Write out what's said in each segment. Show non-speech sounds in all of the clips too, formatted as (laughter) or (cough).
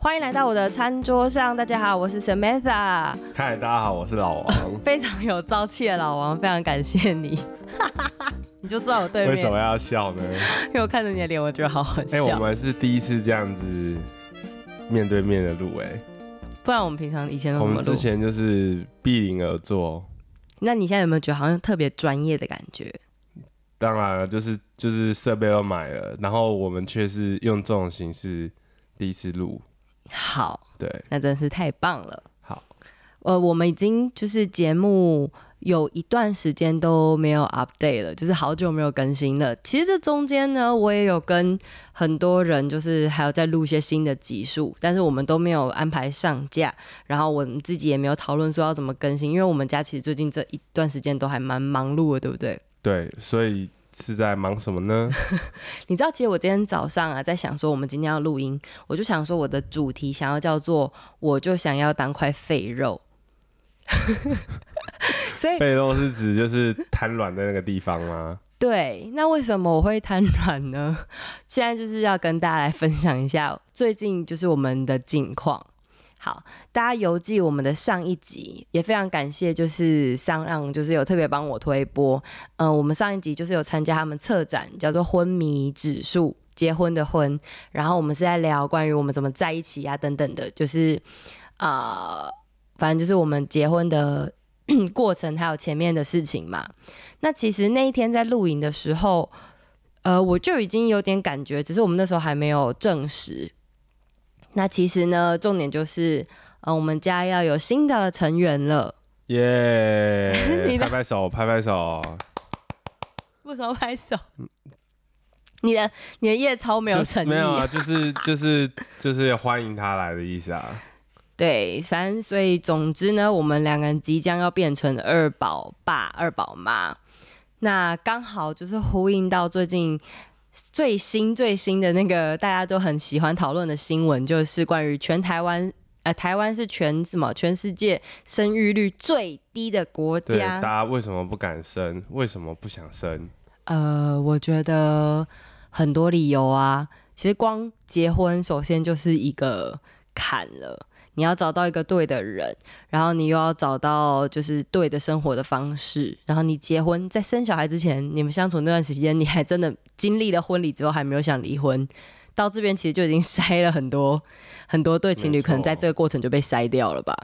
歡迎來到我的餐桌上，大家好，我是 Samantha。嗨，大家好，我是老王，呃，非常有朝氣的老王，非常感謝你。 (laughs) 你就坐在我對面，為什麼要笑呢？因為我看着你的臉，我覺得好好笑。我們是第一次這樣子面對面的錄誒。不然我們平常以前都怎麼錄？我們之前就是閉眼而坐。那你現在有沒有覺得好像特別專業的感覺？當然了，就是就是設備都買了，然後我們卻是用這種形式第一次錄。好，對，那真是太棒了。好，呃，我們已經就是節目。有一段時間都沒有 update 了，就是好久沒有更新了。其實這中間呢，我也有跟很多人，就是還有在錄一些新的集數，但是我們都沒有安排上架，然後我們自己也沒有討論說要怎麼更新，因為我們家其實最近這一段時間都還蠻忙碌的，對不對？對，所以是在忙什麼呢？ (laughs) 你知道，其實我今天早上啊，在想說我們今天要錄音，我就想說我的主題想要叫做，我就想要當塊廢肉。 (laughs) 所以，廢肉是指就是癱軟的那個地方嗎？對，那為什麼我會癱軟呢？現在就是要跟大家來分享一下最近就是我們的近況。好，大家郵寄我們的上一集，也非常感謝就是商讓就是有特別幫我推播。嗯、呃，我們上一集就是有參加他們策展，叫做《昏迷指數》，結婚的婚，然後我們是在聊關於我們怎麼在一起呀、啊、等等的，就是啊、呃，反正就是我們結婚的。 (coughs) 過程還有前面的事情嘛。那其實那一天在錄影的時候，呃，我就已經有點感覺，只是我們那時候還沒有證實。那其實呢，重點就是，呃，我們家要有新的成員了。耶 Yeah, (laughs) 的！你拍拍手，拍拍手。為什麼拍手？ (laughs) 你的你的夜超沒有誠意，就是，沒有啊，就是就是就是歡迎他來的意思啊。對，三，所以總之呢，我們兩個人即將要變成二寶爸、二寶媽，那剛好就是呼應到最近最新最新的那個大家都很喜歡討論的新聞，就是關於全台灣，呃，台灣是全什麼全世界生育率最低的國家。大家為什麼不敢生？為什麼不想生？呃，我覺得很多理由啊，其實光結婚首先就是一個坎了。你要找到一個對的人，然後你又要找到就是對的生活的方式，然後你結婚，在生小孩之前，你們相處那段時間，你還真的經歷了婚禮之後還沒有想離婚，到這邊其實就已經篩了很多很多對情侶，沒錯。可能在這個過程就被篩掉了吧。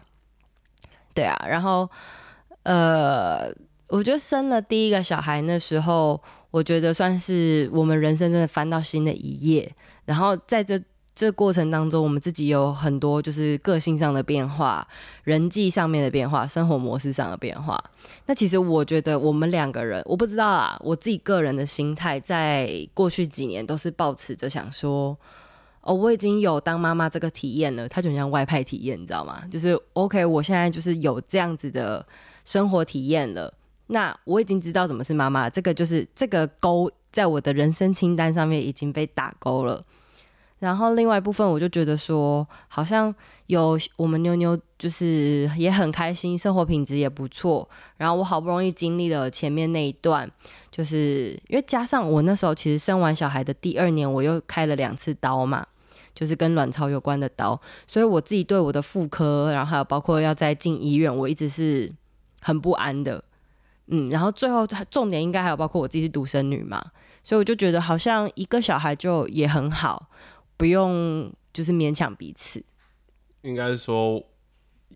對啊，然後呃，我覺得生了第一個小孩那時候，我覺得算是我們人生真的翻到新的一頁，然後在這。這個過程當中，我們自己有很多就是個性上的變化、人際上面的變化、生活模式上的變化。那其實我覺得，我們兩個人，我不知道啊，我自己個人的心態在過去幾年都是抱持着想說，哦，我已經有當媽媽這個體驗了，她就很像外派體驗，你知道嗎？就是 OK，我現在就是有這樣子的生活體驗了，那我已經知道怎麼是媽媽，這個就是這個勾在我的人生清單上面已經被打勾了。然後另外一部分，我就覺得說，好像有我們妞妞，就是也很開心，生活品質也不錯。然後我好不容易經歷了前面那一段，就是因為加上我那時候其實生完小孩的第二年，我又開了兩次刀嘛，就是跟卵巢有關的刀，所以我自己對我的婦科，然後還有包括要再進醫院，我一直是很不安的。嗯，然後最後重點應該還有包括我自己是獨生女嘛，所以我就覺得好像一個小孩就也很好。不用，就是勉強彼此。應該說，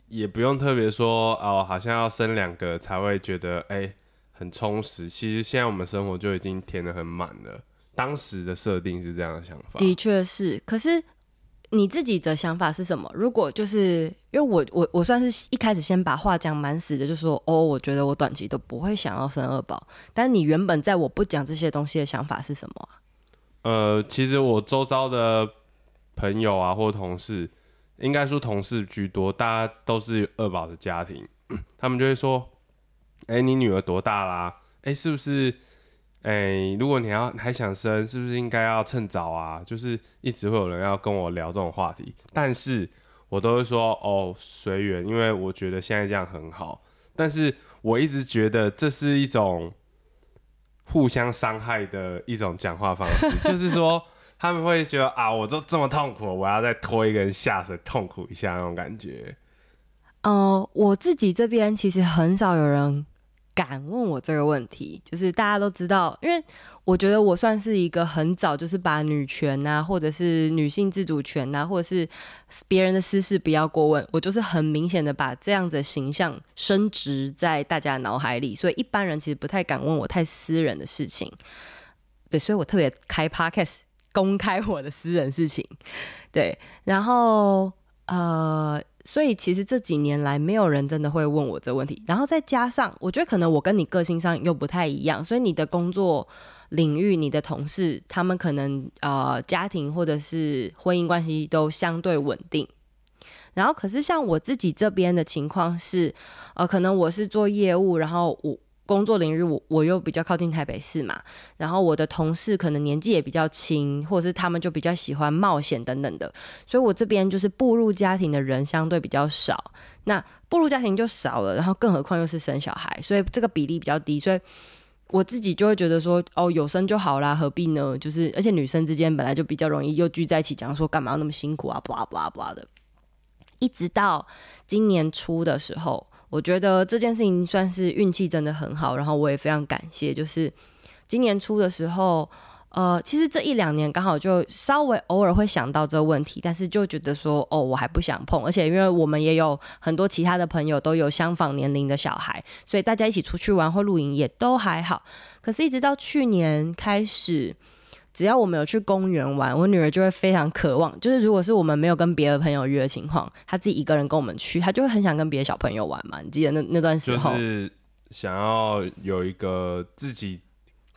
也不用特別說哦，好像要生兩個才會覺得哎、欸、很充實。其實現在我們生活就已經填得很滿了。當時的設定是這樣的想法。的確是，可是你自己的想法是什麼？如果就是因為我我我算是一開始先把話講滿死的，就說哦，我覺得我短期都不會想要生二寶。但你原本在我不講這些東西的想法是什麼、啊？呃，其實我周遭的朋友啊，或同事，應該說同事居多，大家都是二寶的家庭，他們就會說：“欸，你女兒多大啦？欸，是不是？欸，如果你要還想生，是不是應該要趁早啊？”就是一直會有人要跟我聊這種話題，但是我都會說：“哦，隨緣，因為我覺得現在這樣很好。”但是我一直覺得這是一種。互相傷害的一種講話方式， (laughs) 就是說，他們會覺得啊，我都這麼痛苦了，我要再拖一個人下水，痛苦一下那種感覺。嗯、呃，我自己這邊其實很少有人。敢問我這個問題，就是大家都知道，因為我覺得我算是一個很早就是把女權啊，或者是女性自主權啊，或者是別人的私事不要過問，我就是很明顯的把這樣子的形象深植在大家腦海裡，所以一般人其實不太敢問我太私人的事情。對，所以我特別開 Podcast 公開我的私人事情。對，然後呃。所以其實這幾年來，沒有人真的會問我這問題。然後再加上，我覺得可能我跟你個性上又不太一樣，所以你的工作領域、你的同事，他們可能呃家庭或者是婚姻關係都相對穩定。然後可是像我自己這邊的情況是，呃，可能我是做業務，然後我。工作領域我我又比較靠近台北市嘛，然後我的同事可能年紀也比較輕，或者是他們就比較喜歡冒險等等的，所以我這邊就是步入家庭的人相對比較少，那步入家庭就少了，然後更何況又是生小孩，所以這個比例比較低，所以我自己就會覺得說，哦，有生就好啦，何必呢？就是而且女生之間本來就比較容易又聚在一起，講說幹嘛那麼辛苦啊，blah blah blah 的，一直到今年初的時候。我覺得這件事情算是運氣真的很好，然後我也非常感謝。就是今年初的時候，呃，其實這一兩年剛好就稍微偶爾會想到這個問題，但是就覺得說，哦，我還不想碰。而且因為我們也有很多其他的朋友都有相仿年齡的小孩，所以大家一起出去玩或露營也都還好。可是，一直到去年開始。只要我們有去公園玩，我女兒就會非常渴望。就是如果是我們沒有跟別的朋友約的情況，她自己一個人跟我們去，她就會很想跟別的小朋友玩嘛。你記得那那段時候，是想要有一個自己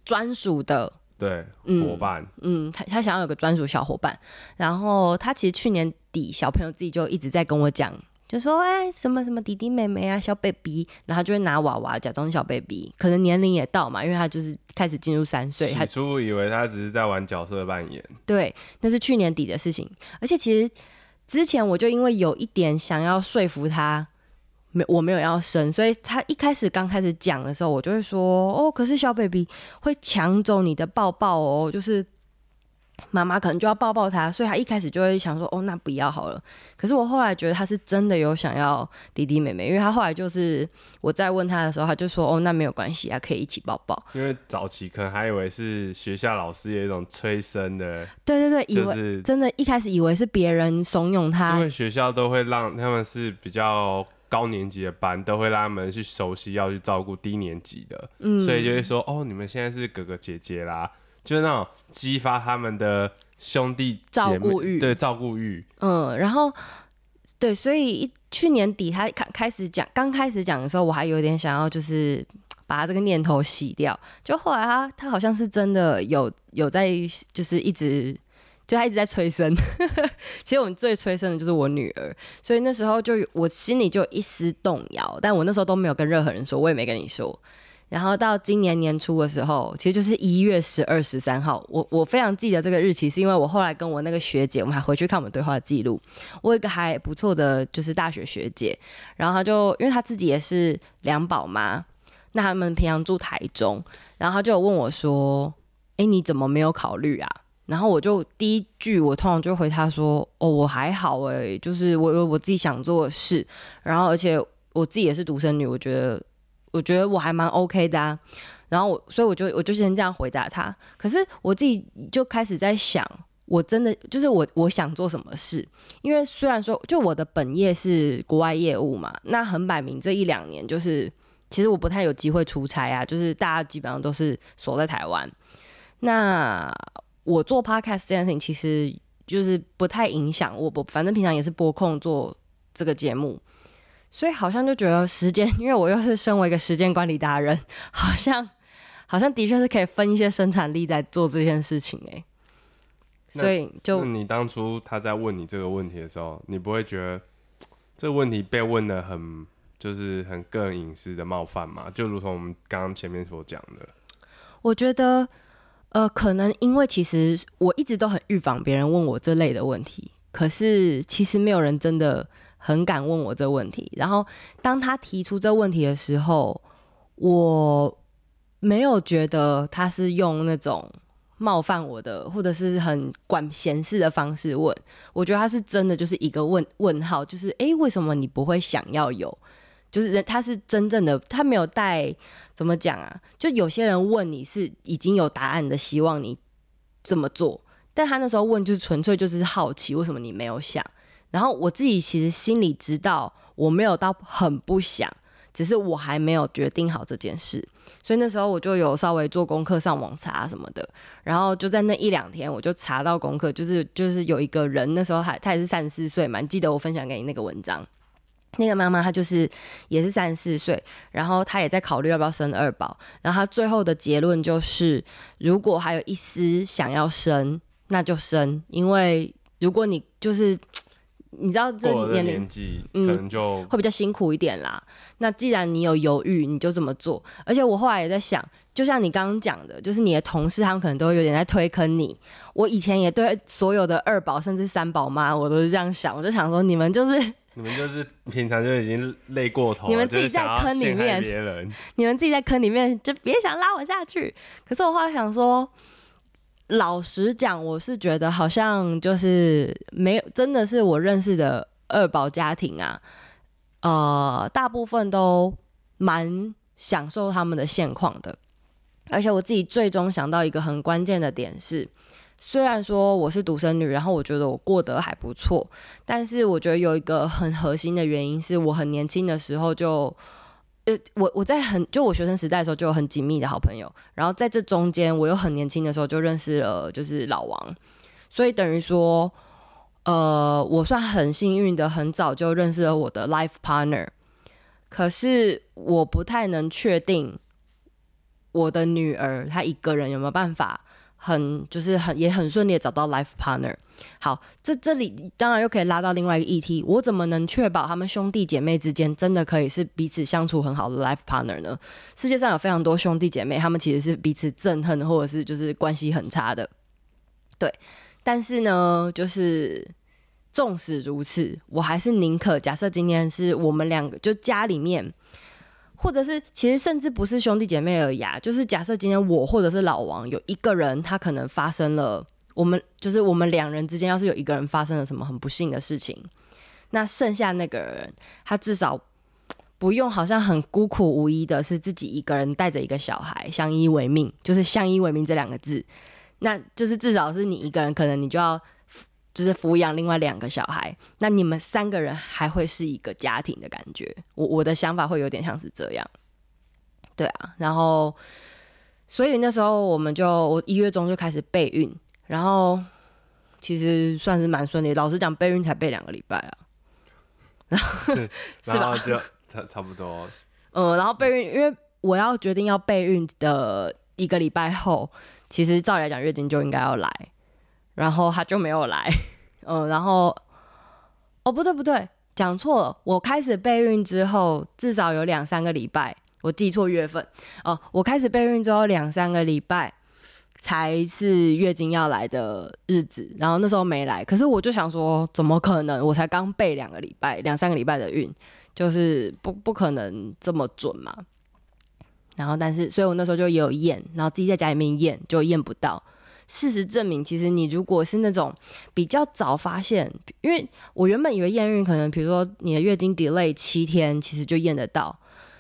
專屬的對、嗯、伙伴。嗯，她她想要有一個專屬小夥伴。然後她其實去年底，小朋友自己就一直在跟我講。就說哎、欸，什麼什麼弟弟妹妹啊，小 baby，然後他就會拿娃娃假裝小 baby，可能年齡也到嘛，因為他就是開始進入三歲。起初以為他只是在玩角色扮演，對，那是去年底的事情。而且其實之前我就因為有一點想要說服他，沒我沒有要生，所以他一開始剛開始講的時候，我就會說哦，可是小 baby 會搶走你的抱抱哦，就是。媽媽可能就要抱抱他，所以他一開始就會想說：“哦，那不要好了。”可是我後來覺得他是真的有想要弟弟妹妹，因為他後來就是我在問他的時候，他就說：“哦，那沒有關係啊，可以一起抱抱。”因為早期可能還以為是學校老師有一種催生的，對對對，就是、以為真的，一開始以為是別人慫恿他，因為學校都會讓他們是比較高年級的班，都會讓他們去熟悉要去照顧低年級的，嗯，所以就會說：“哦，你們現在是哥哥姐姐啦。”就是那種激發他們的兄弟照顧欲，對照顧欲。嗯，然後對，所以一去年底他開開始講，剛開始講的時候，我還有點想要就是把他這個念頭洗掉。就後來他他好像是真的有有在就是一直就他一直在催生。 (laughs) 其實我們最催生的就是我女兒，所以那時候就我心裡就一絲動搖，但我那時候都沒有跟任何人說，我也沒跟你說。然後到今年年初的時候，其實就是一月十二、十三號。我我非常記得這個日期，是因為我後來跟我那個學姐，我們還回去看我們對話記錄。我有一個還不錯的就是大學學姐，然後她就因為她自己也是兩寶媽，那他們平常住台中，然後她就有問我說：“哎，你怎麼沒有考慮啊？”然後我就第一句我通常就回她說：“哦，我還好哎、欸，就是我我我自己想做的事，然後而且我自己也是獨生女，我覺得。”我覺得我還蠻 OK 的啊，然後我所以我就我就先這樣回答他。可是我自己就開始在想，我真的就是我我想做什麼事？因為雖然說，就我的本業是國外業務嘛，那很擺明這一兩年就是其實我不太有機會出差啊，就是大家基本上都是鎖在台灣。那我做 podcast 這件事情，其實就是不太影響我，我不反正平常也是播控做這個節目。所以好像就覺得時間，因為我又是身為一個時間管理達人，好像好像的確是可以分一些生產力在做這件事情哎、欸，所以就你當初他在問你這個問題的時候，你不會覺得這問題被問得很就是很個人隱私的冒犯嗎？就如同我們剛剛前面所講的，我覺得呃，可能因為其實我一直都很預防別人問我這類的問題，可是其實沒有人真的。很敢問我這問題，然後當他提出這問題的時候，我沒有覺得他是用那種冒犯我的或者是很管閒事的方式問，我覺得他是真的就是一個問問號，就是哎、欸，為什麼你不會想要有？就是他是真正的，他沒有帶怎麼講啊？就有些人問你是已經有答案的，希望你怎麼做，但他那時候問就是純粹就是好奇，為什麼你沒有想？然後我自己其實心裡知道，我沒有到很不想，只是我還沒有決定好這件事。所以那時候我就有稍微做功課、上網查什麼的。然後就在那一兩天，我就查到功課，就是就是有一個人，那時候還他也是三十四歲嘛，你記得我分享給你那個文章，那個媽媽她就是也是三十四歲，然後她也在考慮要不要生二寶。然後她最後的結論就是，如果還有一絲想要生，那就生，因為如果你就是。你知道年這年紀，嗯、可能就會比較辛苦一點啦。那既然你有猶豫，你就這麼做。而且我後來也在想，就像你剛剛講的，就是你的同事他們可能都有點在推坑你。我以前也對所有的二寶甚至三寶媽，我都是這樣想。我就想說，你們就是你們就是平常就已經累過頭了， (laughs) 你們自己在坑裡面，你們自己在坑裡面就別想拉我下去。可是我後來想說。老實講，我是覺得好像就是沒有，真的是我認識的二寶家庭啊，呃，大部分都蠻享受他們的現況的。而且我自己最終想到一個很關鍵的點是，雖然說我是獨生女，然後我覺得我過得還不錯，但是我覺得有一個很核心的原因是我很年輕的時候就。呃，我我在很就我學生時代的時候就有很緊密的好朋友，然後在這中間，我又很年輕的時候就認識了就是老王，所以等於說，呃，我算很幸運的，很早就認識了我的 life partner。可是我不太能確定我的女兒她一個人有沒有辦法，很就是很也很順利的找到 life partner。好，這這裡當然又可以拉到另外一個議題。我怎麼能確保他們兄弟姐妹之間真的可以是彼此相處很好的 life partner 呢？世界上有非常多兄弟姐妹，他們其實是彼此憎恨，或者是就是關係很差的。對，但是呢，就是縱使如此，我還是寧可假設今天是我們兩個，就家裡面，或者是其實甚至不是兄弟姐妹而已啊，就是假設今天我或者是老王有一個人，他可能發生了。我們就是我們兩人之間，要是有一個人發生了什麼很不幸的事情，那剩下那個人他至少不用好像很孤苦無依的，是自己一個人帶着一個小孩相依為命，就是“相依為命”這兩個字，那就是至少是你一個人，可能你就要就是撫養另外兩個小孩，那你們三個人還會是一個家庭的感覺。我我的想法會有點像是這樣，對啊，然後所以那時候我們就我一月中就開始備孕。然後其實算是蠻順利。老實講，備孕才備兩個禮拜啊，然後是吧？就差差不多。 (laughs) 嗯，然後備孕，因為我要決定要備孕的一個禮拜後，其實照理來講月經就應該要來，然後他就沒有來。嗯，然後哦不對不對，講錯了。我開始備孕之後至少有兩三個禮拜，我記錯月份哦。我開始備孕之後兩三個禮拜才是月經要來的日子，然後那時候沒來，可是我就想說，怎麼可能？我才剛備兩個禮拜、兩三個禮拜的孕，就是不不可能這麼準嘛。然後，但是，所以我那時候就也有驗，然後自己在家裡面驗，就驗不到。事實證明，其實你如果是那種比較早發現，因為我原本以為驗孕可能，比如說你的月經 delay 七天，其實就驗得到，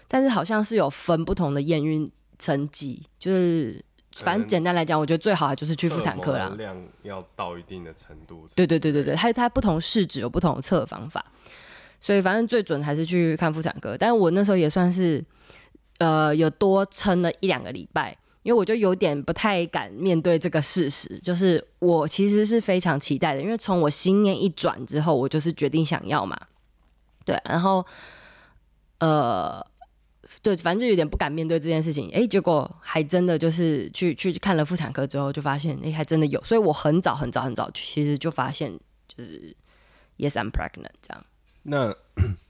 但是好像是有分不同的驗孕成績，就是。反正簡單來講，我覺得最好還就是去婦產科啦。量要到一定的程度，對的。對對對對對，它它不同試紙有不同的測方法，所以反正最準還是去看婦產科。但是我那時候也算是，呃，有多撐了一兩個禮拜，因為我就有點不太敢面對這個事實，就是我其實是非常期待的，因為從我心念一轉之後，我就是決定想要嘛。對，然後，呃。對，反正就有點不敢面對這件事情。哎，結果還真的就是去去看了婦產科之後，就發現哎，還真的有。所以我很早很早很早，其實就發現就是 Yes, I'm pregnant 這樣。那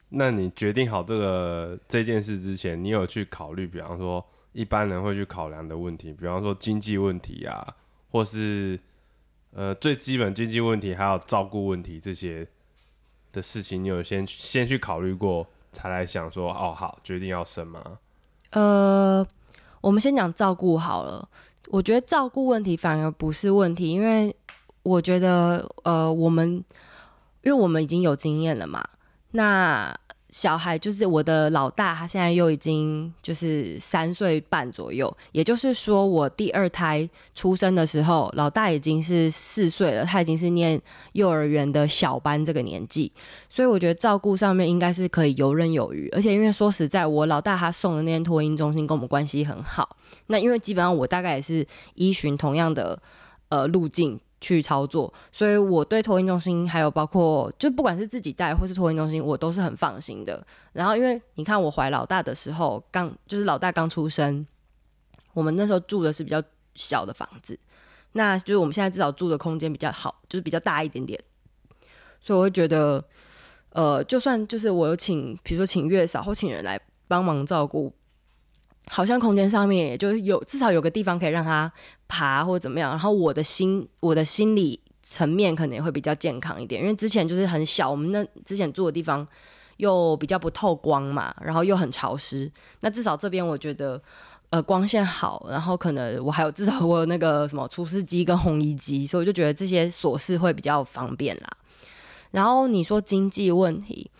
那你決定好這個這件事之前，你有去考慮，比方說一般人會去考量的問題，比方說經濟問題啊，或是呃最基本經濟問題，還有照顧問題這些的事情，你有先先去考慮過？才來想說哦，好，決定要生嗎？呃，我們先講照顧好了，我覺得照顧問題反而不是問題，因為我覺得呃，我們因為我們已經有經驗了嘛，那。小孩就是我的老大，他現在又已經就是三歲半左右，也就是說我第二胎出生的時候，老大已經是四歲了，他已經是念幼兒園的小班這個年紀，所以我覺得照顧上面應該是可以游刃有餘，而且因為說實在，我老大他送的那間托嬰中心跟我們關係很好，那因為基本上我大概也是依循同樣的，呃，路徑。去操作，所以我對托嬰中心，還有包括就不管是自己帶或是托嬰中心，我都是很放心的。然後因為你看我懷老大的時候，剛就是老大剛出生，我們那時候住的是比較小的房子，那就是我們現在至少住的空間比較好，就是比較大一點點。所以我會覺得，呃，就算就是我有請，比如說請月嫂或請人來幫忙照顧。好像空間上面也就是有至少有個地方可以讓他爬或者怎麼樣，然後我的心，我的心理層面可能也會比較健康一點，因為之前就是很小，我們那之前住的地方又比較不透光嘛，然後又很潮濕。那至少這邊我覺得，呃，光線好，然後可能我還有至少我有那個什麼除濕機跟烘衣機，所以我就覺得這些瑣事會比較方便啦。然後你說經濟問題，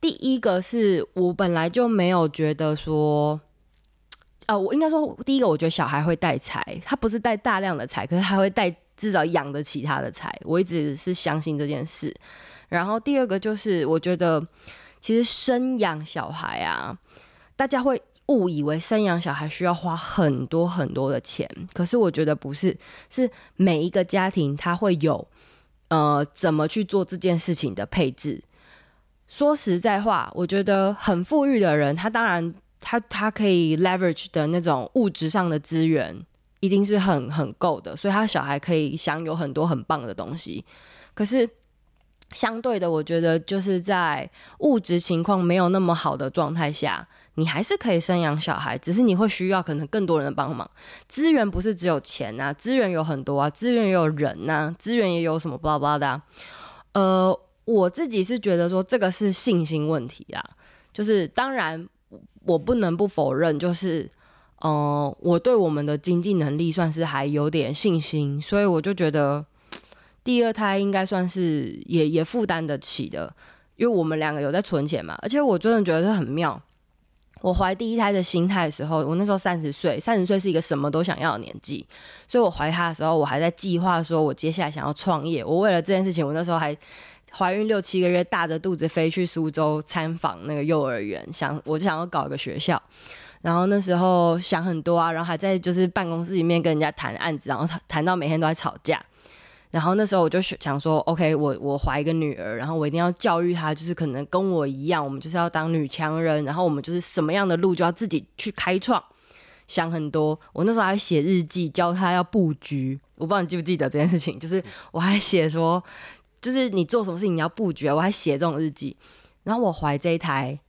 第一個是我本來就沒有覺得說。啊、呃，我應該說，第一個，我覺得小孩會帶財，他不是帶大量的財，可是他會帶至少養得起他的財。我一直是相信這件事。然後第二個就是，我覺得其實生養小孩啊，大家會誤以為生養小孩需要花很多很多的錢，可是我覺得不是，是每一個家庭他會有呃怎麼去做這件事情的配置。說實在話，我覺得很富裕的人，他當然。他他可以 leverage 的那種物質上的資源，一定是很很夠的，所以他小孩可以享有很多很棒的東西。可是相對的，我覺得就是在物質情況沒有那麼好的狀態下，你還是可以生養小孩，只是你會需要可能更多人的幫忙。資源不是只有錢吶、啊，資源有很多啊，資源也有人吶、啊，資源也有什麼巴拉巴拉的、啊。呃，我自己是覺得說這個是信心問題啊，就是當然。我不能不否認，就是，呃，我對我們的經濟能力算是還有點信心，所以我就覺得，第二胎應該算是也也負擔得起的，因為我們兩個有在存錢嘛，而且我真的覺得是很妙。我懷第一胎的心態的時候，我那時候三十歲，三十歲是一個什麼都想要的年紀，所以我懷他的時候，我還在計劃說我接下來想要創業，我為了這件事情，我那時候還，懷孕六七個月，大着肚子飛去蘇州參訪那個幼兒園，想我就想要搞一個學校，然後那時候想很多啊，然後還在就是辦公室裡面跟人家談案子，然後談談到每天都在吵架，然後那時候我就想說，OK，我我懷一個女兒，然後我一定要教育她，就是可能跟我一樣，我們就是要當女強人，然後我們就是什麼樣的路就要自己去開創，想很多。我那時候還寫日記，教她要布局，我不知道你記不記得這件事情，就是我還寫說。就是你做什麼事情，你要布局啊。我還寫這種日記，然後我懷這一胎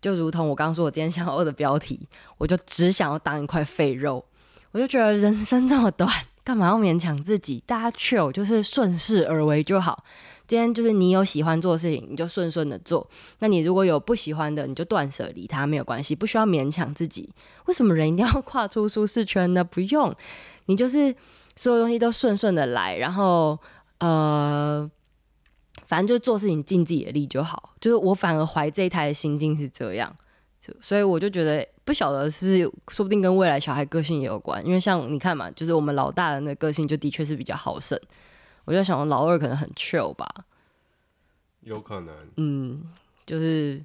就如同我剛說，我今天想要的標題，我就只想要當一塊廢肉，我就覺得人生這麼短，幹嘛要勉強自己？大家 chill 就是順勢而為就好。今天就是你有喜歡做的事情，你就順順的做；那你如果有不喜歡的，你就斷捨離它，沒有關係，不需要勉強自己。為什麼人一定要跨出舒適圈呢？不用，你就是所有東西都順順的來，然後呃。反正就做事情盡自己的力就好，就是我反而懷這一胎的心境是這樣，所以我就覺得不曉得是不是說不定跟未來小孩個性也有關，因為像你看嘛，就是我們老大人的個性就的確是比較好勝，我就想說老二可能很 chill 吧，有可能，嗯，就是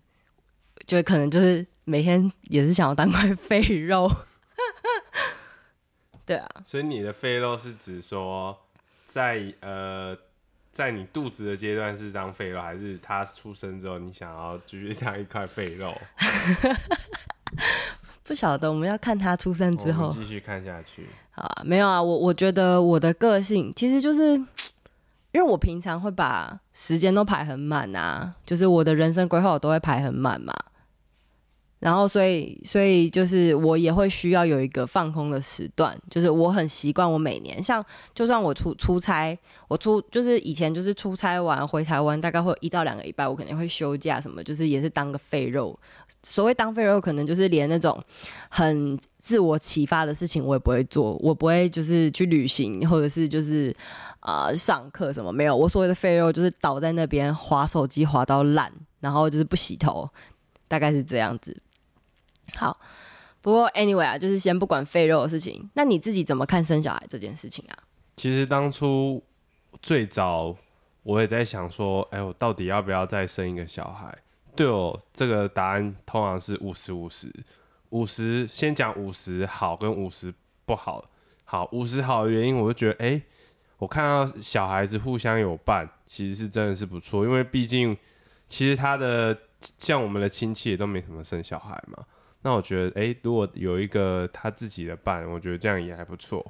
就可能就是每天也是想要當塊廢肉， (laughs) 對啊，所以你的廢肉是指說在呃。在你肚子的階段是當廢肉，還是他出生之後你想要繼續當一塊廢肉？ (laughs) 不曉得，我們要看他出生之後繼續看下去。好啊，沒有啊，我我覺得我的個性其實就是，因為我平常會把時間都排很滿啊，就是我的人生規劃我都會排很滿嘛。然後，所以，所以就是我也會需要有一個放空的時段。就是我很習慣，我每年像就算我出出差，我出就是以前就是出差完回台灣，大概會有一到兩個禮拜，我可能會休假什麼，就是也是當個廢肉。所謂當廢肉，可能就是連那種很自我啟發的事情我也不會做，我不會就是去旅行或者是就是啊、呃、上課什麼沒有。我所謂的廢肉就是倒在那邊滑手機滑到爛，然後就是不洗頭，大概是這樣子。好，不過 anyway 啊，就是先不管廢肉的事情。那你自己怎麼看生小孩這件事情啊？其實當初最早我也在想說，哎，我到底要不要再生一個小孩？對哦，這個答案通常是五十五十五十。先講五十好跟五十不好。好，五十好的原因，我就覺得，哎，我看到小孩子互相有伴，其實是真的是不錯，因為畢竟其實他的像我們的親戚也都沒什麼生小孩嘛。那我覺得，哎、欸，如果有一個他自己的伴，我覺得這樣也還不錯。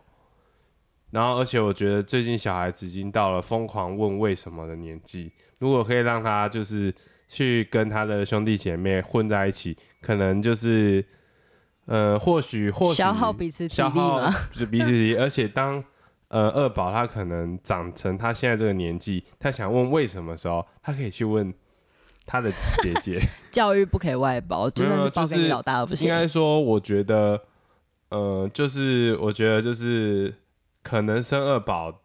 然後，而且我覺得最近小孩子已經到了瘋狂問為什麼的年紀，如果可以讓他就是去跟他的兄弟姐妹混在一起，可能就是，呃，或許或許消耗彼此消 (laughs) 耗，就是彼此。而且當呃二寶他可能長成他現在這個年紀，他想問為什麼的時候，他可以去問。他的姐姐 (laughs) 教育不可以外包。 (laughs) 就算是幫給你老大，不是應該說，我覺得，呃，就是我覺得就是可能生二寶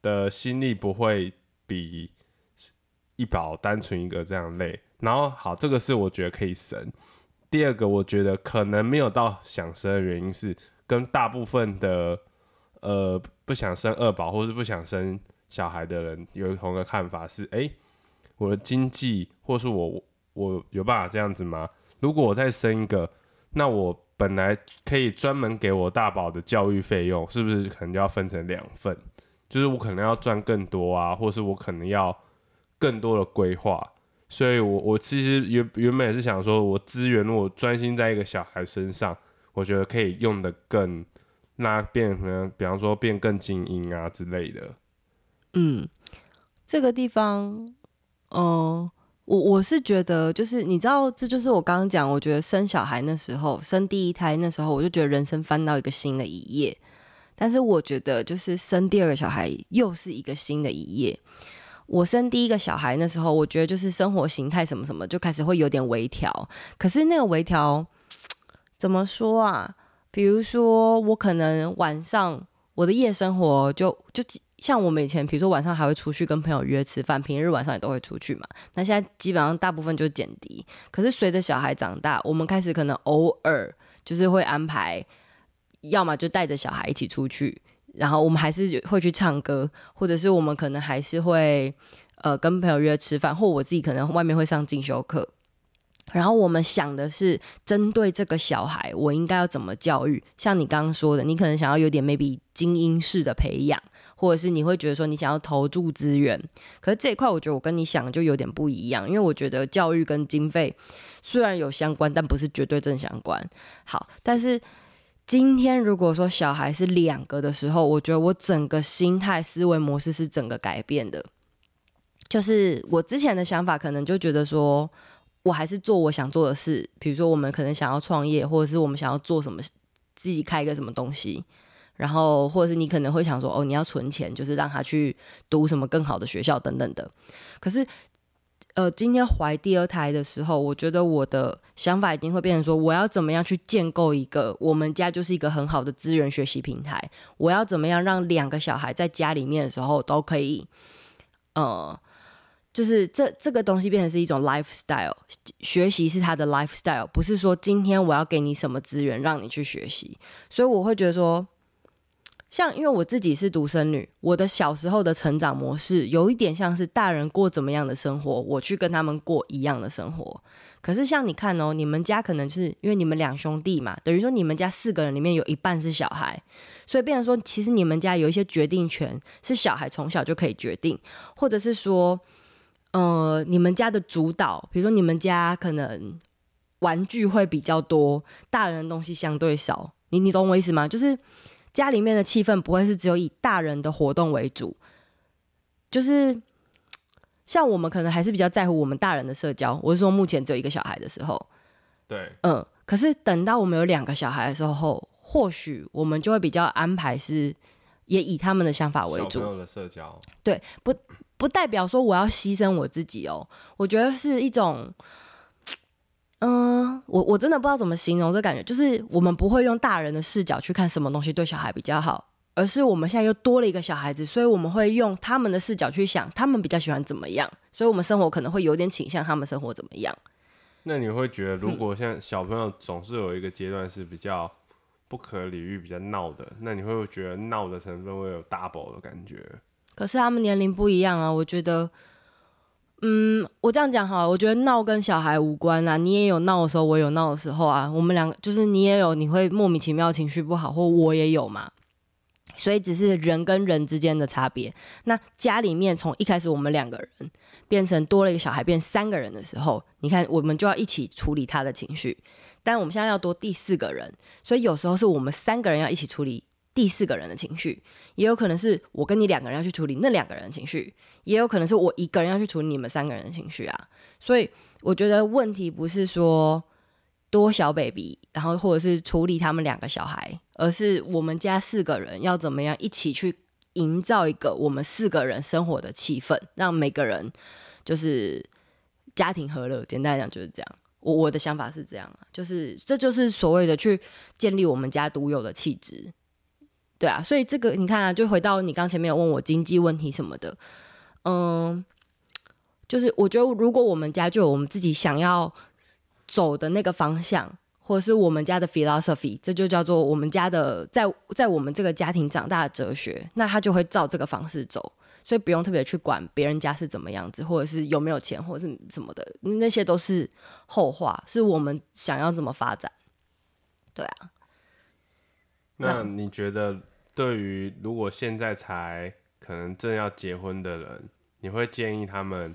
的心力不會比一寶單純一個這樣累。然後好，這個是我覺得可以生。第二個，我覺得可能沒有到想生的原因是跟大部分的呃不想生二寶或是不想生小孩的人有同一個看法是，哎。我的經濟，或是我我有辦法這樣子嗎？如果我再生一個，那我本來可以專門給我大寶的教育費用，是不是可能就要分成兩份？就是我可能要賺更多啊，或是我可能要更多的規劃。所以我，我我其實原原本也是想說，我資源我專心在一個小孩身上，我覺得可以用得更那變，可能比方說變更精英啊之類的。嗯，這個地方。哦、嗯，我我是覺得，就是你知道，這就是我剛剛講，我覺得生小孩那時候，生第一胎那時候，我就覺得人生翻到一個新的一頁。但是我覺得，就是生第二個小孩又是一個新的一頁。我生第一個小孩那時候，我覺得就是生活形態什麼什麼就開始會有點微調。可是那個微調怎麼說啊？比如說，我可能晚上我的夜生活就就。像我們以前，比如說晚上還會出去跟朋友約吃飯，平日晚上也都會出去嘛。那現在基本上大部分就是減低。可是隨着小孩長大，我們開始可能偶爾就是會安排，要麼就帶着小孩一起出去，然後我們還是會去唱歌，或者是我們可能還是會呃跟朋友約吃飯，或我自己可能外面會上進修課。然後我們想的是，針對這個小孩，我應該要怎麼教育？像你剛剛說的，你可能想要有點 maybe 精英式的培養。或者是你會覺得說你想要投注資源，可是這一塊我覺得我跟你想的就有點不一樣，因為我覺得教育跟經費雖然有相關，但不是絕對正相關。好，但是今天如果說小孩是兩個的時候，我覺得我整個心態思維模式是整個改變的。就是我之前的想法，可能就覺得說我還是做我想做的事，比如說我們可能想要創業，或者是我們想要做什麼，自己開一個什麼東西。然後，或者是你可能會想說，哦，你要存錢，就是讓他去讀什麼更好的學校等等的。可是，呃，今天懷第二胎的時候，我覺得我的想法已經會變成說，我要怎麼樣去建構一個我們家就是一個很好的資源學習平台。我要怎麼樣讓兩個小孩在家裡面的時候都可以，呃，就是這這個東西變成是一種 lifestyle，學習是他的 lifestyle，不是說今天我要給你什麼資源讓你去學習。所以我會覺得說。像因為我自己是獨生女，我的小時候的成長模式有一點像是大人過怎麼樣的生活，我去跟他們過一樣的生活。可是像你看哦，你們家可能是因為你們兩兄弟嘛，等於說你們家四個人裡面有一半是小孩，所以變成說，其實你們家有一些決定權是小孩從小就可以決定，或者是說，呃，你們家的主導，比如說你們家可能玩具會比較多，大人的東西相對少。你你懂我意思嗎？就是。家裡面的氣氛不會是只有以大人的活動為主，就是像我們可能還是比較在乎我們大人的社交，我是說目前只有一個小孩的時候，對，嗯，可是等到我們有兩個小孩的時候，或許我們就會比較安排是也以他們的想法為主。對，不不代表說我要犧牲我自己喔，我覺得是一種。嗯、呃，我我真的不知道怎麼形容這感覺，就是我們不會用大人的視角去看什麼東西對小孩比較好，而是我們現在又多了一個小孩子，所以我們會用他們的視角去想，他們比較喜歡怎麼樣，所以我們生活可能會有點傾向他們生活怎麼樣。那你會覺得，如果像小朋友總是有一個階段是比較不可理喻、嗯、比較鬧的，那你會不會覺得鬧的成分會有 double 的感覺？可是他們年齡不一樣啊，我覺得。嗯，我這樣講好了，我覺得鬧跟小孩無關啊。你也有鬧的時候，我也有鬧的時候啊。我們兩個就是你也有，你會莫名其妙的情緒不好，或我也有嘛。所以只是人跟人之間的差別。那家裡面從一開始我們兩個人變成多了一個小孩，變三個人的時候，你看我們就要一起處理他的情緒。但我們現在要多第四個人，所以有時候是我們三個人要一起處理。第四個人的情緒，也有可能是我跟你兩個人要去處理那兩個人的情緒，也有可能是我一個人要去處理你們三個人的情緒啊。所以我覺得問題不是說多小 baby，然後或者是處理他們兩個小孩，而是我們家四個人要怎麼樣一起去營造一個我們四個人生活的氣氛，讓每個人就是家庭和樂。簡單來講就是這樣，我我的想法是這樣啊，就是這就是所謂的去建立我們家獨有的氣質。對啊，所以這個你看啊，就回到你剛前面有問我經濟問題什麼的，嗯，就是我覺得如果我們家就有我們自己想要走的那個方向，或者是我們家的 philosophy，這就叫做我們家的，在在我們這個家庭長大的哲學，那他就會照這個方式走，所以不用特別去管別人家是怎麼樣子，或者是有沒有錢，或者是什麼的，那些都是後話，是我們想要怎麼發展，對啊。那你覺得，對於如果現在才可能正要結婚的人，你會建議他們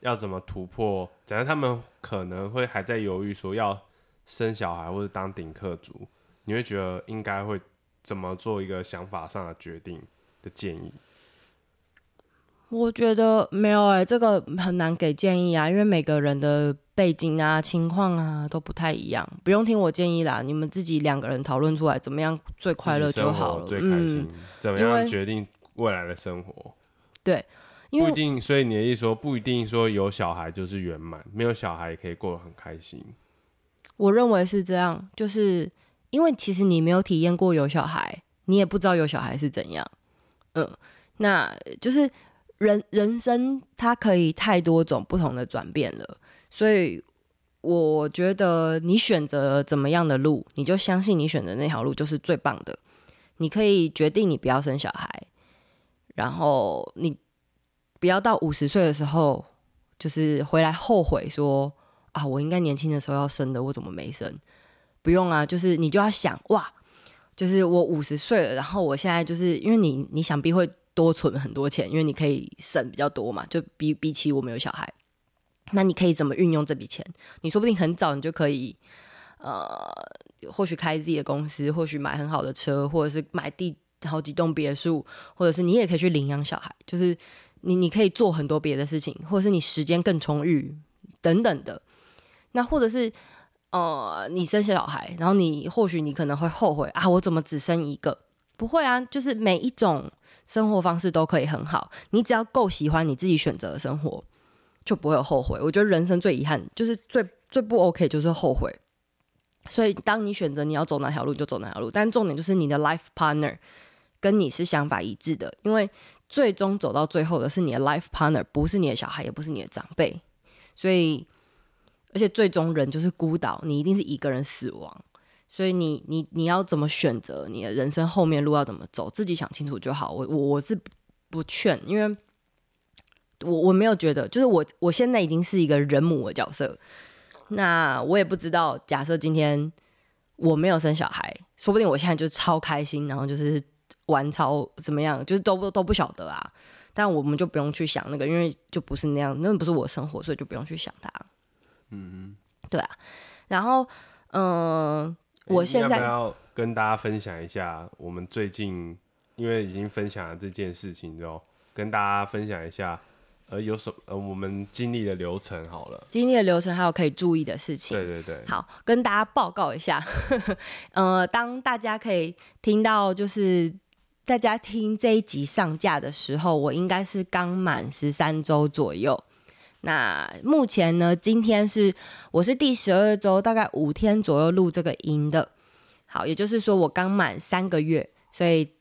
要怎麼突破？假設他們可能會還在猶豫，說要生小孩或者當頂客族，你會覺得應該會怎麼做一個想法上的決定的建議？我覺得沒有誒、欸，這個很難給建議啊，因為每個人的。背景啊，情況啊都不太一樣，不用聽我建議啦，你們自己兩個人討論出來怎麼樣最快樂就好了。最開心，怎麼樣決定未來的生活。對，因為，不一定，所以你的意思說不一定說有小孩就是圓滿，沒有小孩也可以過得很開心。我認為是這樣，就是因為其實你沒有體驗過有小孩，你也不知道有小孩是怎樣。嗯，那就是人人生它可以太多種不同的轉變了。所以我覺得你選擇怎麼樣的路，你就相信你選擇那條路就是最棒的。你可以決定你不要生小孩，然後你不要到五十歲的時候就是回來後悔說啊，我應該年輕的時候要生的，我怎麼沒生？不用啊，就是你就要想哇，就是我五十歲了，然後我現在就是因為你，你想必會多存很多錢，因為你可以省比較多嘛，就比比起我們有小孩。那你可以怎麼運用這筆錢？你說不定很早你就可以，呃，或許開自己的公司，或許買很好的車，或者是買地好幾棟別墅，或者是你也可以去領養小孩，就是你你可以做很多別的事情，或者是你時間更充裕等等的。那或者是呃，你生些小孩，然後你或許你可能會後悔啊，我怎麼只生一個？不會啊，就是每一種生活方式都可以很好，你只要夠喜歡你自己選擇的生活。就不會有後悔。我覺得人生最遺憾就是最最不 OK，就是後悔。所以，當你選擇你要走哪條路，就走哪條路。但重點就是你的 life partner 跟你是想法一致的，因為最終走到最後的是你的 life partner，不是你的小孩，也不是你的長輩。所以，而且最終人就是孤島，你一定是一個人死亡。所以你，你你你要怎麼選擇你的人生後面路要怎麼走，自己想清楚就好。我我我是不勸，因為。我我沒有覺得，就是我我現在已經是一個人母的角色，那我也不知道。假設今天我沒有生小孩，說不定我現在就超開心，然後就是玩超怎麼樣，就是都不都不曉得啊。但我們就不用去想那個，因爲就不是那樣，那不是我生活，所以就不用去想它。嗯嗯，對啊。然後嗯，呃欸、我現在要，要跟大家分享一下，我們最近因爲已經分享了這件事情之後，跟大家分享一下。呃，有什麼？呃，我們經歷的流程好了，經歷的流程還有可以注意的事情。對對對，好，跟大家報告一下。呵呵，呃，當大家可以聽到，就是大家聽這一集上架的時候，我應該是剛滿十三周左右。那目前呢，今天是我是第十二周，大概五天左右錄這個音的。好，也就是說我剛滿三個月，所以。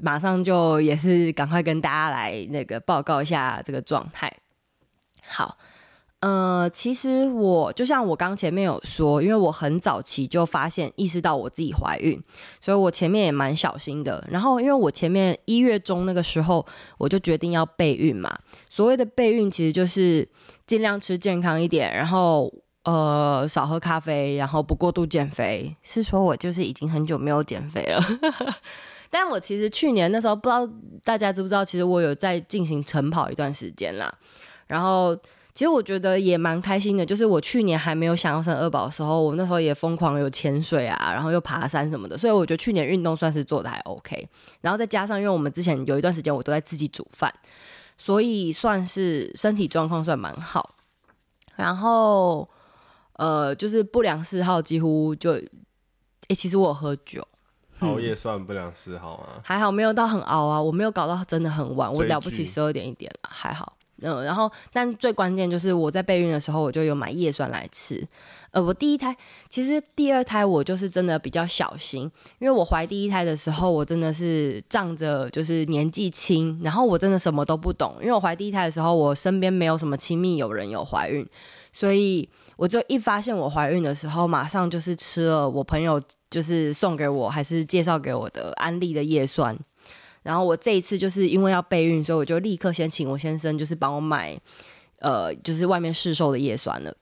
馬上就也是趕快跟大家來那個報告一下這個狀態。好，呃，其實我就像我剛前面有說，因為我很早期就發現意識到我自己懷孕，所以我前面也蠻小心的。然後因為我前面一月中那個時候我就決定要備孕嘛，所謂的備孕其實就是盡量吃健康一點，然後呃少喝咖啡，然後不過度減肥，是說我就是已經很久沒有減肥了。 (laughs) 但我其實去年那時候不知道大家知不知道，其實我有在進行晨跑一段時間啦。然後其實我覺得也蠻開心的，就是我去年還沒有想要生二寶的時候，我那時候也瘋狂有潛水啊，然後又爬山什麼的，所以我覺得去年運動算是做的還 OK。然後再加上因為我們之前有一段時間我都在自己煮飯，所以算是身體狀況算蠻好。然後呃，就是不良嗜好幾乎就，誒，其實我有喝酒。熬夜算不良嗜好嗎？還好沒有到很熬啊，我沒有搞到真的很晚，我了不起十二點一點了，追劇。還好。嗯，然後但最關鍵就是我在備孕的時候，我就有買葉酸來吃。呃，我第一胎，其實第二胎我就是真的比較小心，因為我懷第一胎的時候，我真的是仗着就是年紀輕，然後我真的什麼都不懂，因為我懷第一胎的時候，我身邊沒有什麼親密友人有懷孕，所以。我就一發現我懷孕的時候，馬上就是吃了我朋友就是送給我還是介紹給我的安利的葉酸。然後我這一次就是因為要備孕，所以我就立刻先請我先生就是幫我買，呃，就是外面市售的葉酸了。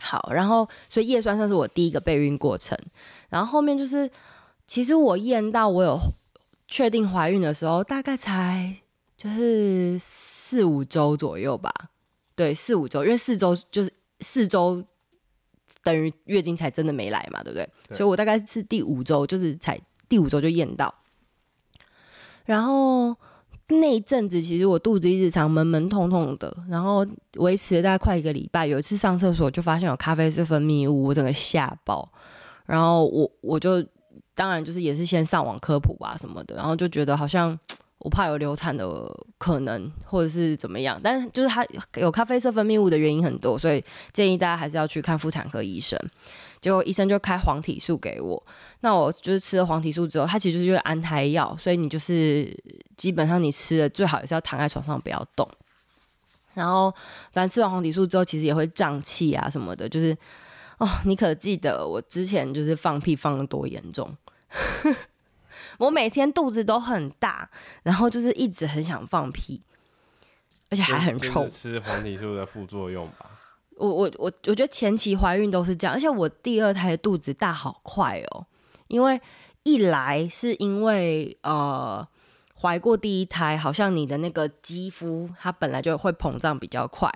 好，然後所以葉酸算是我第一個備孕過程。然後後面就是，其實我驗到我有確定懷孕的時候，大概才就是四五周左右吧。對，四五周，因為四周就是。四周等於月經才真的沒來嘛，對不對？對。所以我大概是第五周，就是才第五周就驗到。然後那一陣子，其實我肚子一直常，悶悶痛痛的，然後維持了大概快一個禮拜。有一次上廁所就發現有咖啡色分泌物，我整個嚇爆。然後我我就當然就是也是先上網科普吧什麼的，然後就覺得好像。我怕有流產的可能，或者是怎麼樣，但是就是它有咖啡色分泌物的原因很多，所以建議大家還是要去看婦產科醫生。結果醫生就開黃體素給我，那我就是吃了黃體素之後，它其實就是會安胎藥，所以你就是基本上你吃了最好也是要躺在床上不要動。然後反正吃完黃體素之後，其實也會脹氣啊什麼的，就是哦，你可記得我之前就是放屁放得多嚴重？ (laughs) 我每天肚子都很大，然後就是一直很想放屁，而且還很臭。吃黃體素的副作用吧？我我我我覺得前期懷孕都是這樣，而且我第二胎的肚子大好快哦，因為一來是因為呃懷過第一胎，好像你的那個肌膚它本來就會膨脹比較快，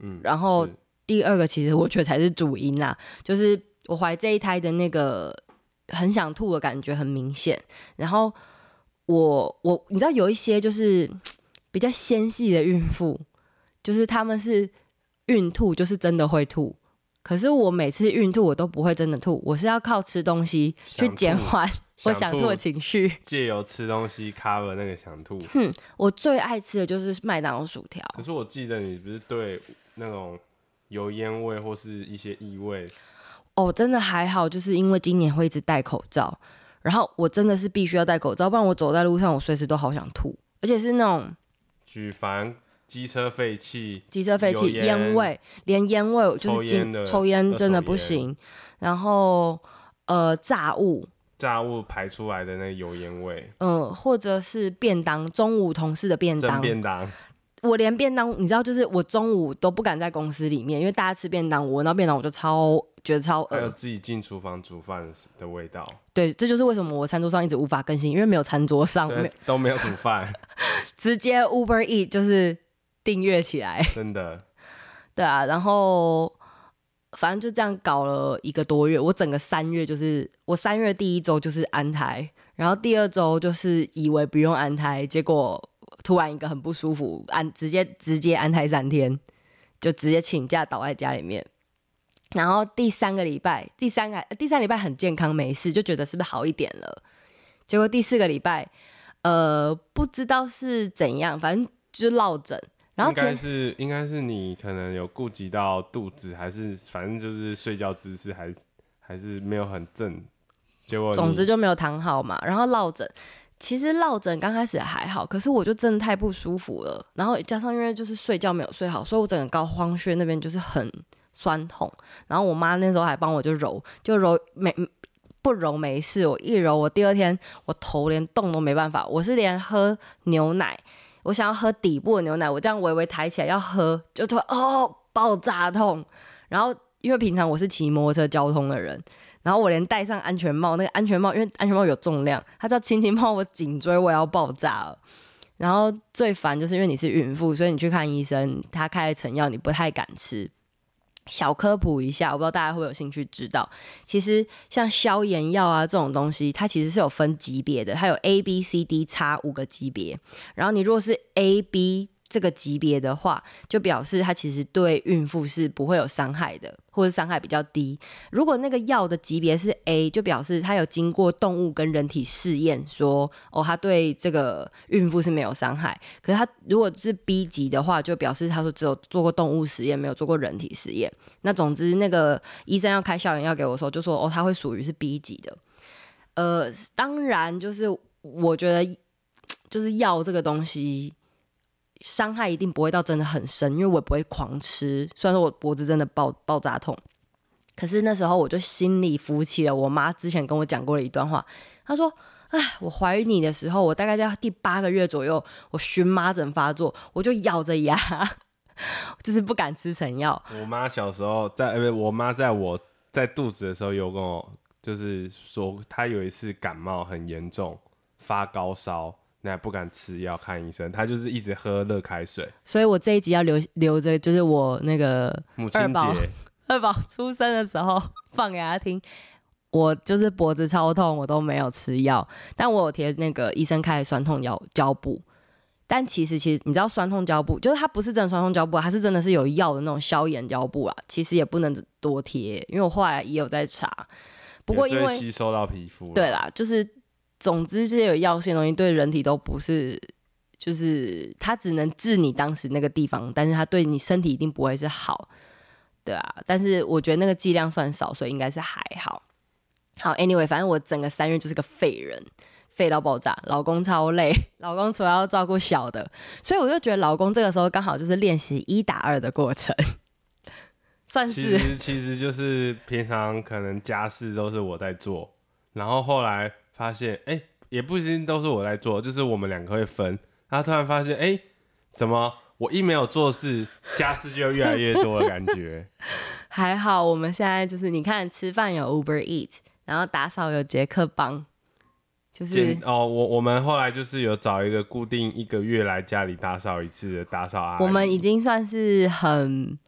嗯，然後是第二個其實我覺得才是主因啦、啊，就是我懷這一胎的那個。很想吐的感覺很明顯，然後我我你知道有一些就是比較纖細的孕婦，就是他們是孕吐，就是真的會吐。可是我每次孕吐我都不會真的吐，我是要靠吃東西去減緩我想吐的情緒，借由吃東西 cover 那個想吐。哼、嗯，我最愛吃的就是麥當勞薯條。可是我記得你不是對那種油煙味或是一些異味。哦，真的還好，就是因為今年會一直戴口罩，然後我真的是必須要戴口罩，不然我走在路上，我隨時都好想吐，而且是那種，舉凡機車廢氣、機車廢氣、煙味，連煙味，就是抽煙真的不行。然後，呃，炸物，炸物排出來的那個油煙味，嗯、呃，或者是便當，中午同事的便當。我連便當，你知道，就是我中午都不敢在公司裡面，因為大家吃便當，我聞到便當我就超覺得超噁。還有自己進廚房煮飯的味道。對，這就是為什麼我餐桌上一直無法更新，因為沒有餐桌上都沒有煮飯， (laughs) 直接 Uber Eat 就是訂閱起來，真的。對啊，然後反正就這樣搞了一個多月，我整個三月就是我三月第一周就是安胎，然後第二周就是以為不用安胎，結果。突然一個很不舒服，安直接直接安胎三天，就直接請假倒在家裡面。然後第三個禮拜，第三個第三禮拜很健康沒事，就覺得是不是好一點了？結果第四個禮拜，呃，不知道是怎樣，反正就是落枕。然後其應該是應該是你可能有顧及到肚子，還是反正就是睡覺姿勢還是還是沒有很正，結果總之就沒有躺好嘛，然後落枕。其實落枕剛開始還好，可是我就真的太不舒服了。然後加上因為就是睡覺沒有睡好，所以我整個膏肓穴那邊就是很酸痛。然後我媽那時候還幫我就揉，就揉沒不揉沒事，我一揉我第二天我頭連動都沒辦法。我是連喝牛奶，我想要喝底部的牛奶，我這樣微微抬起來要喝，就突然哦爆炸痛。然後因為平常我是騎摩托車交通的人。然後我連戴上安全帽，那個安全帽因為安全帽有重量，它叫輕輕碰，我頸椎我也要爆炸了。然後最煩就是因為你是孕婦，所以你去看醫生，他開了成藥你不太敢吃。小科普一下，我不知道大家會不會有興趣知道，其實像消炎藥啊這種東西，它其實是有分級別的，它有 A、B、C、D、X 五個級別。然後你如果是 A、B。這個級別的話，就表示它其實對孕婦是不會有傷害的，或者傷害比較低。如果那個藥的級別是 A，就表示它有經過動物跟人體試驗說，說哦，它對這個孕婦是沒有傷害。可是它如果是 B 級的話，就表示他說只有做過動物實驗，沒有做過人體實驗。那總之，那個醫生要開消炎藥給我的時候，就說哦，它會屬於是 B 級的。呃，當然，就是我覺得，就是藥這個東西。傷害一定不會到真的很深，因為我也不會狂吃。雖然說我脖子真的爆爆炸痛，可是那時候我就心裡浮起了我媽之前跟我講過的一段話。她說：“哎，我懷孕你的時候，我大概在第八個月左右，我蕁麻疹發作，我就咬着牙， (laughs) 就是不敢吃成藥。”我媽小時候在，欸、我媽在我在肚子的時候有跟我就是說，她有一次感冒很嚴重，發高燒。現在不敢吃藥看醫生，他就是一直喝熱開水。所以我這一集要留留着，就是我那個母親節二寶出生的時候放給他聽。我就是脖子超痛，我都沒有吃藥，但我有貼那個醫生開的酸痛藥膠布。但其實其實你知道酸痛膠布，就是它不是真的酸痛膠布，它是真的是有藥的那種消炎膠布啊。其實也不能多貼，因為我後來也有在查。不過因為吸收到皮膚，對啦，就是。總之，這些有藥性的東西對人體都不是，就是它只能治你當時那個地方，但是它對你身體一定不會是好，對啊，但是我覺得那個劑量算少，所以應該是還好。好，anyway，反正我整個三月就是個廢人，廢到爆炸。老公超累，老公除了要照顧小的，所以我就覺得老公這個時候剛好就是練習一打二的過程，算是其實，其實就是平常可能家事都是我在做，然後後來。發現哎、欸，也不一定都是我在做，就是我們兩個會分。然後突然發現哎、欸，怎麼我一沒有做事，家事就越來越多的感覺。 (laughs) 還好我們現在就是你看，吃飯有 Uber Eats，然後打掃有傑克邦。就是哦，我我們後來就是有找一個固定一個月來家裡打掃一次的打掃阿姨。我們已經算是很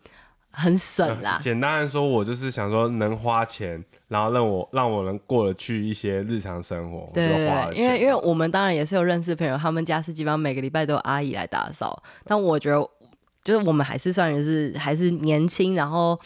很省了，呃。簡單的說，我就是想說能花錢然後讓我讓我能過得去一些日常生活，對，對，對，因為因為我們當然也是有認識朋友，他們家是基本上每個禮拜都有阿姨來打掃。但我覺得就是我們還是算是還是年輕，然後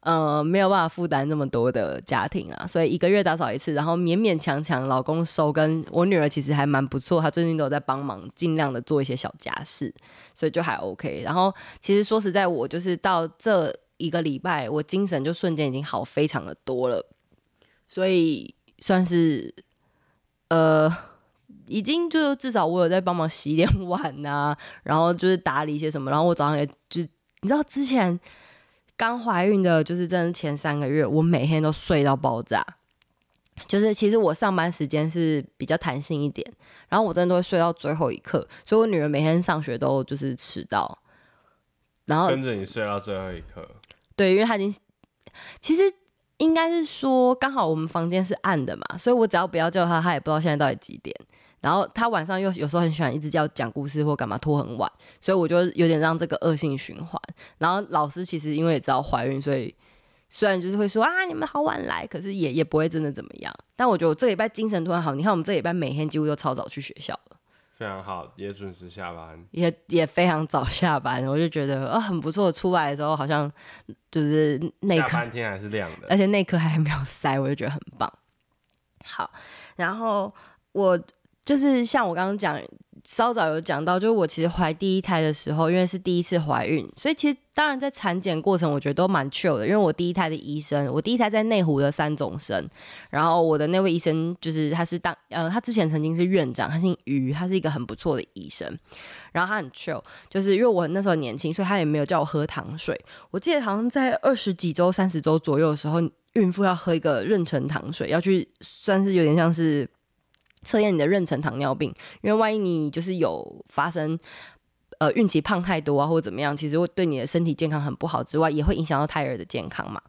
呃沒有辦法負擔這麼多的家庭啊，所以一個月打掃一次，然後勉勉強強老公收，跟我女兒其實還蠻不錯，她最近都有在幫忙，盡量的做一些小家事，所以就還 OK。然後其實說實在，我就是到這一個禮拜，我精神就瞬間已經好非常的多了。所以算是，呃，已經就至少我有在幫忙洗點碗吶、啊，然後就是打理一些什麼。然後我早上也就你知道之前剛懷孕的，就是真的前三個月，我每天都睡到爆炸。就是其實我上班時間是比較彈性一點，然後我真的都會睡到最後一刻，所以我女兒每天上學都就是遲到。然後跟着你睡到最後一刻，對，因為她已經其實。應該是說，剛好我們房間是暗的嘛，所以我只要不要叫他，他也不知道現在到底幾點。然後他晚上又有時候很喜歡一直叫講故事或幹嘛拖很晚，所以我就有點讓這個惡性循環。然後老師其實因為也知道懷孕，所以雖然就是會說啊，你們好晚來，可是也也不會真的怎麼樣。但我覺得我這禮拜精神突然好，你看我們這禮拜每天幾乎都超早去學校。非常好，也準時下班，也也非常早下班，我就覺得啊、哦、很不錯。出來的時候好像就是內科，半天還是亮的，而且內科還沒有塞，我就覺得很棒。好，然後我就是像我剛剛講。稍早有講到，就是我其實懷第一胎的時候，因為是第一次懷孕，所以其實當然在產檢過程，我覺得都蠻 chill 的。因為我第一胎的醫生，我第一胎在內湖的三總生，然後我的那位醫生就是他是當呃，他之前曾經是院長，他姓余，他是一個很不錯的醫生，然後他很 chill，就是因為我那時候年輕，所以他也沒有叫我喝糖水。我記得好像在二十幾週、三十週左右的時候，孕婦要喝一個妊娠糖水，要去算是有點像是。測驗你的妊娠糖尿病，因為萬一你就是有發生，呃，孕期胖太多啊，或者怎麼樣，其實會對你的身體健康很不好，之外也會影響到胎兒的健康嘛。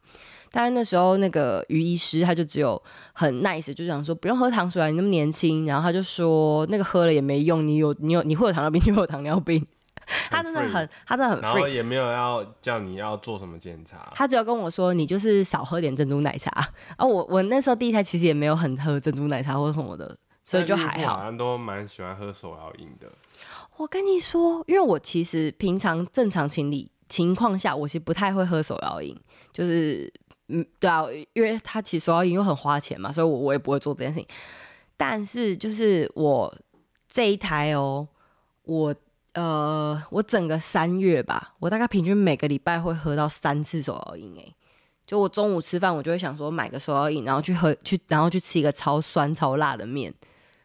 但是那時候那個於醫師他就只有很 nice，就想說不用喝糖水啊，你那麼年輕。然後他就說那個喝了也沒用，你有你有，你有，你會有糖尿病，你會有糖尿病。 (laughs) 他真的很他真的很 free，然後也沒有要叫你要做什麼檢查，他只要跟我說，你就是少喝點珍珠奶茶啊。我我那時候第一胎其實也沒有很喝珍珠奶茶或者什麼的。所以就還好，都蠻喜歡喝手搖飲的。我跟你說，因為我其實平常正常情理情況下，我其實不太會喝手搖飲，就是嗯，對啊，因為他其實手搖飲又很花錢嘛，所以我我也不會做這件事情。但是就是我這一胎哦、喔，我呃，我整個三月吧，我大概平均每個禮拜會喝到三次手搖飲，誒。就我中午吃飯，我就會想說買個手搖飲，然後去喝去，然後去吃一個超酸超辣的麵。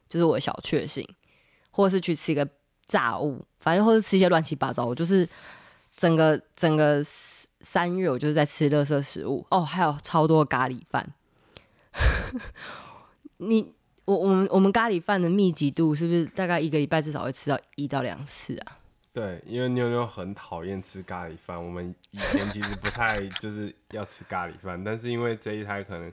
就是我的小確幸，或是去吃一個炸物，反正或是吃一些亂七八糟。我就是整個整個三月，我就是在吃垃圾食物哦，還有超多咖喱飯。 (laughs) 你我我們我們咖喱飯的密集度是不是大概一個禮拜至少會吃到一到兩次啊？對，因為妞妞很討厭吃咖喱飯，我們以前其實不太就是要吃咖喱飯， (laughs) 但是因為這一胎可能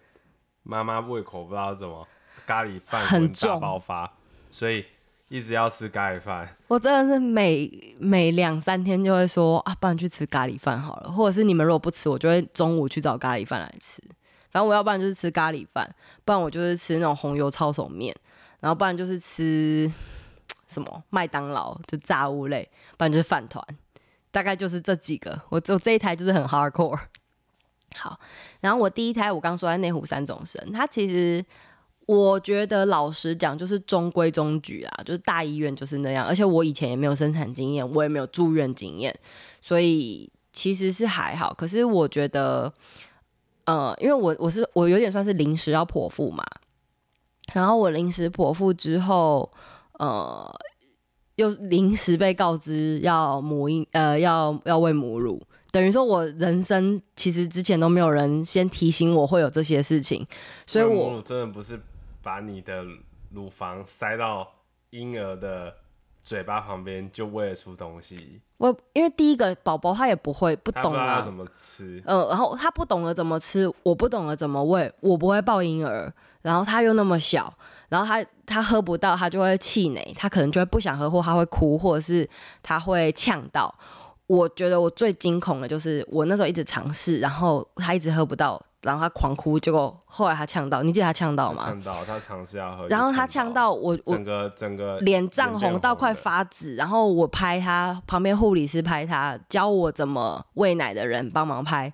媽媽胃口不知道怎麼。咖喱飯很大爆發，重所以一直要吃咖喱飯。我真的是每每兩三天就會說啊，不然去吃咖喱飯好了。或者是你們如果不吃，我就會中午去找咖喱飯來吃。反正我要不然就是吃咖喱飯，不然我就是吃那種紅油抄手麵，然後不然就是吃什麼麥當勞就炸物類，不然就是飯糰，大概就是這幾個。我我這一台就是很 hardcore。好，然後我第一胎我剛說在內湖三重神，它其實。我覺得老實講，就是中規中矩啊，就是大醫院就是那樣。而且我以前也沒有生產經驗，我也沒有住院經驗，所以其實是還好。可是我覺得，呃，因為我我是我有點算是臨時要剖腹嘛，然後我臨時剖腹之後，呃，又臨時被告知要母嬰呃要要餵母乳，等於說我人生其實之前都沒有人先提醒我會有這些事情，所以我真的不是。把你的乳房塞到嬰兒的嘴巴旁邊，就餵得出東西。我因為第一個寶寶，他也不會不懂得、啊、怎麼吃，嗯、呃，然後他不懂得怎麼吃，我不懂得怎麼餵，我不會抱嬰兒，然後他又那麼小，然後他他喝不到，他就會氣餒，他可能就會不想喝，或他會哭，或者是他會嗆到。我覺得我最驚恐的就是我那時候一直嘗試，然後他一直喝不到。然後他狂哭，結果後來他嗆到，你記得他嗆到嗎？嗆到，他嘗試要喝。然後他嗆到我，我整個整個臉漲紅，臉紅到快發紫。然後我拍他，旁邊護理師拍他，教我怎麼餵奶的人幫忙拍。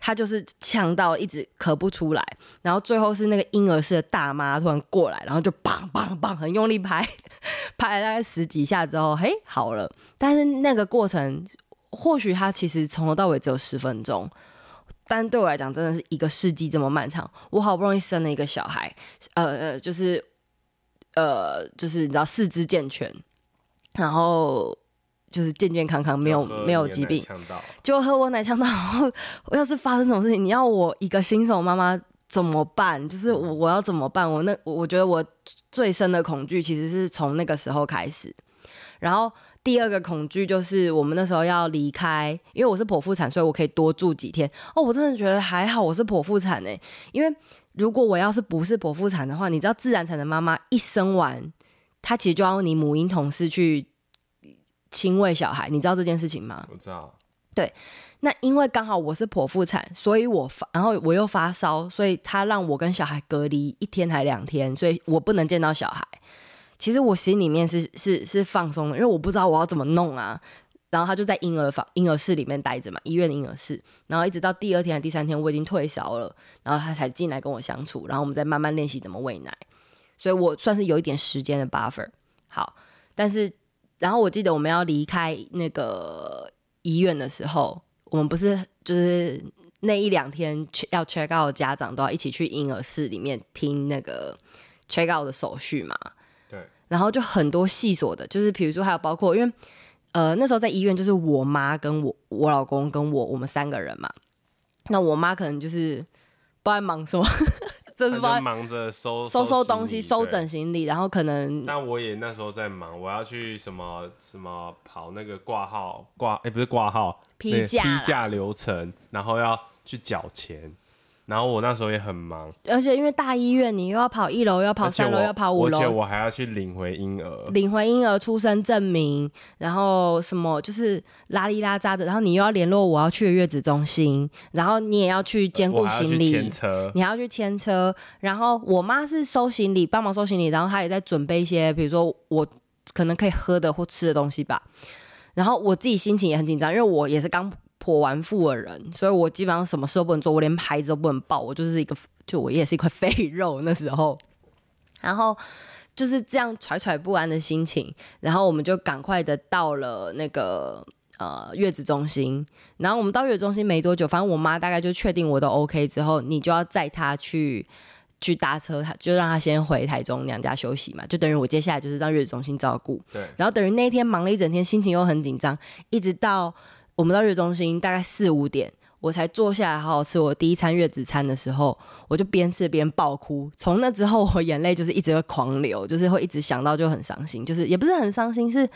他就是嗆到，一直咳不出來。然後最後是那個嬰兒室的大媽突然過來，然後就棒棒棒很用力拍，拍了大概十幾下之後，嘿，好了。但是那個過程，或許他其實從頭到尾只有十分鐘。但對我來講，真的是一個世紀這麼漫長。我好不容易生了一個小孩，呃呃，就是呃，就是你知道四肢健全，然後就是健健康康，沒有沒有疾病，就喝，喝我奶嗆到。 (laughs) 要是發生什麼事情，你要我一個新手媽媽怎麼辦？就是我我要怎麼辦？我那我覺得我最深的恐懼其實是從那個時候開始，然後。第二個恐懼就是我們那時候要離開，因為我是剖腹產，所以我可以多住幾天。哦，我真的覺得還好，我是剖腹產呢、欸。因為如果我要是不是剖腹產的話，你知道自然產的媽媽一生完，她其實就要你母嬰同室去親餵小孩，你知道這件事情嗎？我知道。對，那因為剛好我是剖腹產，所以我發，然後我又發燒，所以他讓我跟小孩隔離一天還兩天，所以我不能見到小孩。其實我心裡面是是是放鬆的，因為我不知道我要怎麼弄啊。然後他就在嬰兒房、嬰兒室裡面待着嘛，醫院的嬰兒室。然後一直到第二天、第三天，我已經退燒了，然後他才進來跟我相處。然後我們再慢慢練習怎麼餵奶。所以我算是有一點時間的 buffer。好，但是然後我記得我們要離開那個醫院的時候，我們不是就是那一兩天要 check out 的家長都要一起去嬰兒室裡面聽那個 check out 的手續嘛。然後就很多細瑣的，就是比如說還有包括，因為呃那時候在醫院就是我媽跟我我老公跟我我們三個人嘛，那我媽可能就是不知道在忙什麼，呵呵這是是忙着收收,收收東西、對收整行李，然後可能。那我也那時候在忙，我要去什麼什麼跑那個掛號掛，哎、欸、不是掛號，批價流程，然後要去繳錢。然後我那時候也很忙，而且因為大醫院，你又要跑一樓，又要跑三樓，又要跑五樓，而且我還要去領回嬰兒，領回嬰兒出生證明，然後什麼就是邋裡邋遢的，然後你又要聯絡我要去的月子中心，然後你也要去兼顧行李，還你還要去牽車，然後我媽是收行李，幫忙收行李，然後她也在準備一些，比如說我可能可以喝的或吃的東西吧，然後我自己心情也很緊張，因為我也是剛。破完婦的人，所以我基本上什麼事都不能做，我連孩子都不能抱，我就是一個，就我也是一塊廢肉那時候。然後就是這樣惴惴不安的心情，然後我們就趕快的到了那個呃月子中心。然後我們到月子中心沒多久，反正我媽大概就確定我都 OK 之後，你就要載她去去搭車，她就讓她先回台中娘家休息嘛，就等於我接下來就是讓月子中心照顧。對。然後等於那一天忙了一整天，心情又很緊張，一直到。我們到月中心大概四五點，我才坐下來好好吃我第一餐月子餐的時候，我就邊吃邊爆哭。從那之後，我眼淚就是一直會狂流，就是會一直想到就很傷心，就是也不是很傷心，是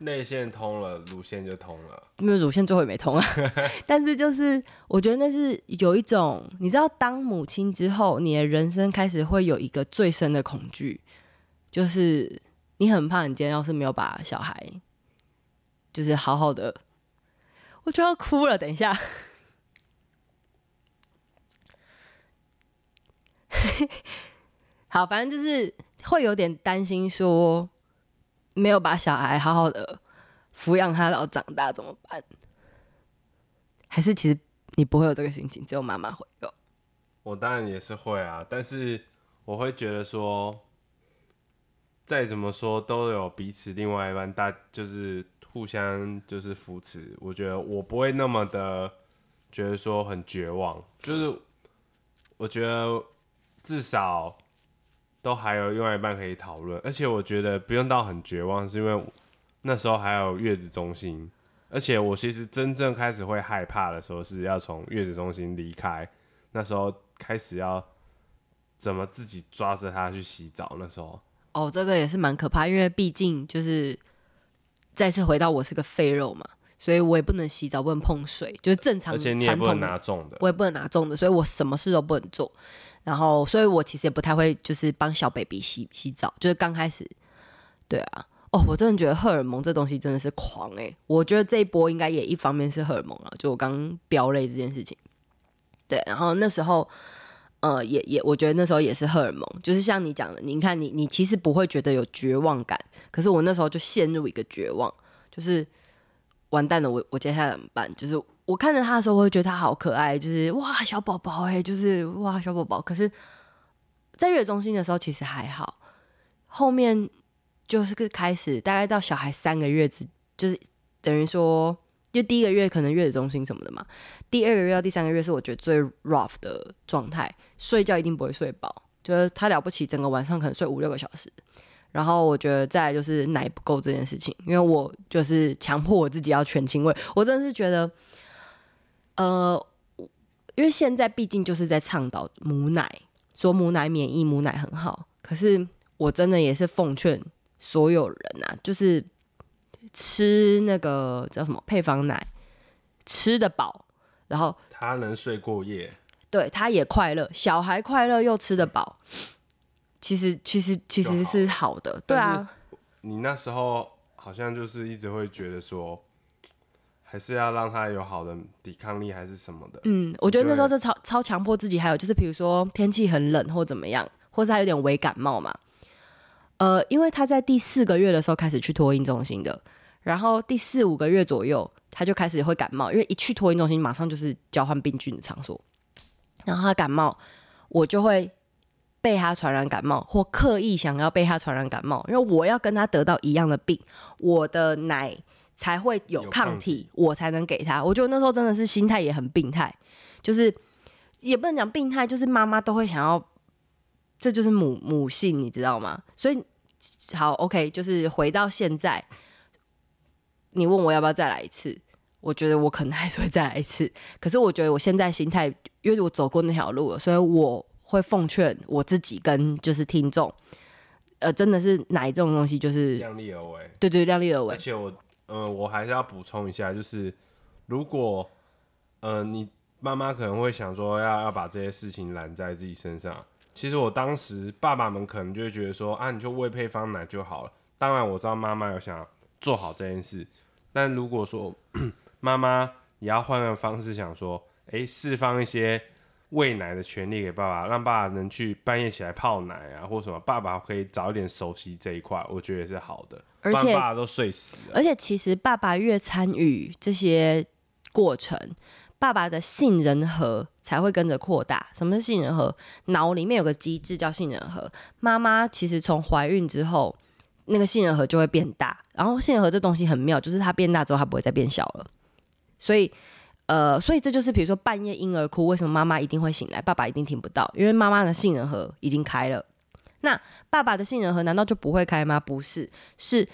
內線通了，乳腺就通了。因為乳腺最後也沒通啊， (laughs) 但是就是我覺得那是有一種，你知道，當母親之後，你的人生開始會有一個最深的恐懼，就是你很怕你今天要是沒有把小孩就是好好的。我就要哭了，等一下。 (laughs) 好，反正就是會有點擔心，說沒有把小孩好好的撫養他然後長大怎麼辦？還是其實你不會有這個心情，只有媽媽會有。我當然也是會啊，但是我會覺得說，再怎麼說都有彼此另外一半，大就是。互相就是扶持，我覺得我不會那麼的覺得說很絕望，就是我覺得至少都還有另外一半可以討論，而且我覺得不用到很絕望，是因為那時候還有月子中心，而且我其實真正開始會害怕的時候是要從月子中心離開，那時候開始要怎麼自己抓着他去洗澡，那時候哦，這個也是蠻可怕，因為畢竟就是。再次回到我是個廢肉嘛，所以我也不能洗澡，不能碰水，就是正常傳統，拿重的。而且你也不能，我也不能拿重的，所以我什麼事都不能做。然後，所以我其實也不太會，就是幫小 baby 洗洗澡。就是剛開始，對啊，哦，我真的覺得荷爾蒙這東西真的是狂誒、欸。我覺得這一波應該也一方面是荷爾蒙啊，就我剛飆淚這件事情。對，然後那時候。呃、嗯，也也，我覺得那時候也是荷爾蒙，就是像你講的，你看你，你其實不會覺得有絕望感，可是我那時候就陷入一個絕望，就是完蛋了，我我接下來怎麼辦？就是我看着他的時候，我會覺得他好可愛，就是哇小寶寶哎，就是哇小寶寶。可是，在月子中心的時候其實還好，後面就是個開始，大概到小孩三個月之，就是等於說，就第一個月可能月子中心什麼的嘛。第二個月到第三個月是我覺得最 rough 的狀態，睡覺一定不會睡飽，就是他了不起，整個晚上可能睡五六個小時。然後我覺得再來就是奶不夠這件事情，因為我就是強迫我自己要全親餵，我真的是覺得，呃，因為現在畢竟就是在倡導母奶，說母奶免疫，母奶很好，可是我真的也是奉勸所有人啊，就是吃那個叫什麼配方奶，吃得飽。然後他能睡過夜，對，他也快樂。小孩快樂又吃得飽，嗯、其實其實其實是好的，好是對啊。你那時候好像就是一直會覺得說，還是要讓他有好的抵抗力還是什麼的。嗯，你就 我覺得那時候是超對超強迫自己，還有就是比如說天氣很冷或怎麼樣，或是他有點微感冒嘛。呃，因為他在第四個月的時候開始去托嬰中心的。然後第四五個月左右，他就開始會感冒，因為一去托嬰中心，馬上就是交換病菌的場所。然後他感冒，我就會被他傳染感冒，或刻意想要被他傳染感冒，因為我要跟他得到一樣的病，我的奶才會有抗體，抗體我才能給他。我覺得我那時候真的是心態也很病態，就是也不能講病態，就是媽媽都會想要，這就是母母性，你知道嗎？所以好，OK，就是回到現在。你問我要不要再來一次？我覺得我可能還是會再來一次。可是我覺得我現在心態，因為我走過那條路了，所以我會奉勸我自己跟就是聽眾，呃，真的是奶這種東西就是量力而為。對對，量力而為。而且我呃，我還是要補充一下，就是如果呃，你媽媽可能會想說要要把這些事情攬在自己身上。其實我當時爸爸們可能就會覺得說啊，你就餵配方奶就好了。當然我知道媽媽有想做好這件事。但如果說媽媽也要換個方式想說，哎，釋放一些餵奶的權利給爸爸，讓爸爸能去半夜起來泡奶啊，或什麼，爸爸可以早一點熟悉這一塊，我覺得是好的。而且爸爸都睡死了。而且其實爸爸越參與這些過程，爸爸的杏仁核才會跟着擴大。什麼是杏仁核？腦裡面有個機制叫杏仁核。媽媽其實從懷孕之後。那個杏仁核就會變大，然後杏仁核這東西很妙，就是它變大之後它不會再變小了。所以，呃，所以這就是比如說半夜嬰兒哭，為什麼媽媽一定會醒來，爸爸一定聽不到？因為媽媽的杏仁核已經開了，那爸爸的杏仁核難道就不會開嗎？不是，是，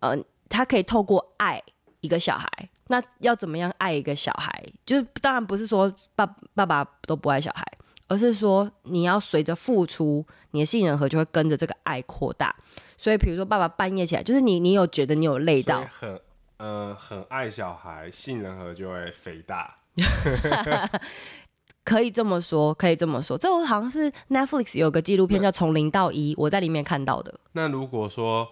呃，他可以透過愛一個小孩。那要怎麼樣愛一個小孩？就是當然不是說爸爸爸都不愛小孩，而是說你要隨着付出，你的杏仁核就會跟着這個愛擴大。所以，比如說，爸爸半夜起來，就是你，你有覺得你有累到？很，呃，很愛小孩，性能核就會肥大。 (laughs) (laughs) 可以這麼說，可以這麼說，這個好像是 Netflix 有個紀錄片叫《從零到一》，嗯、我在裡面看到的。那如果說，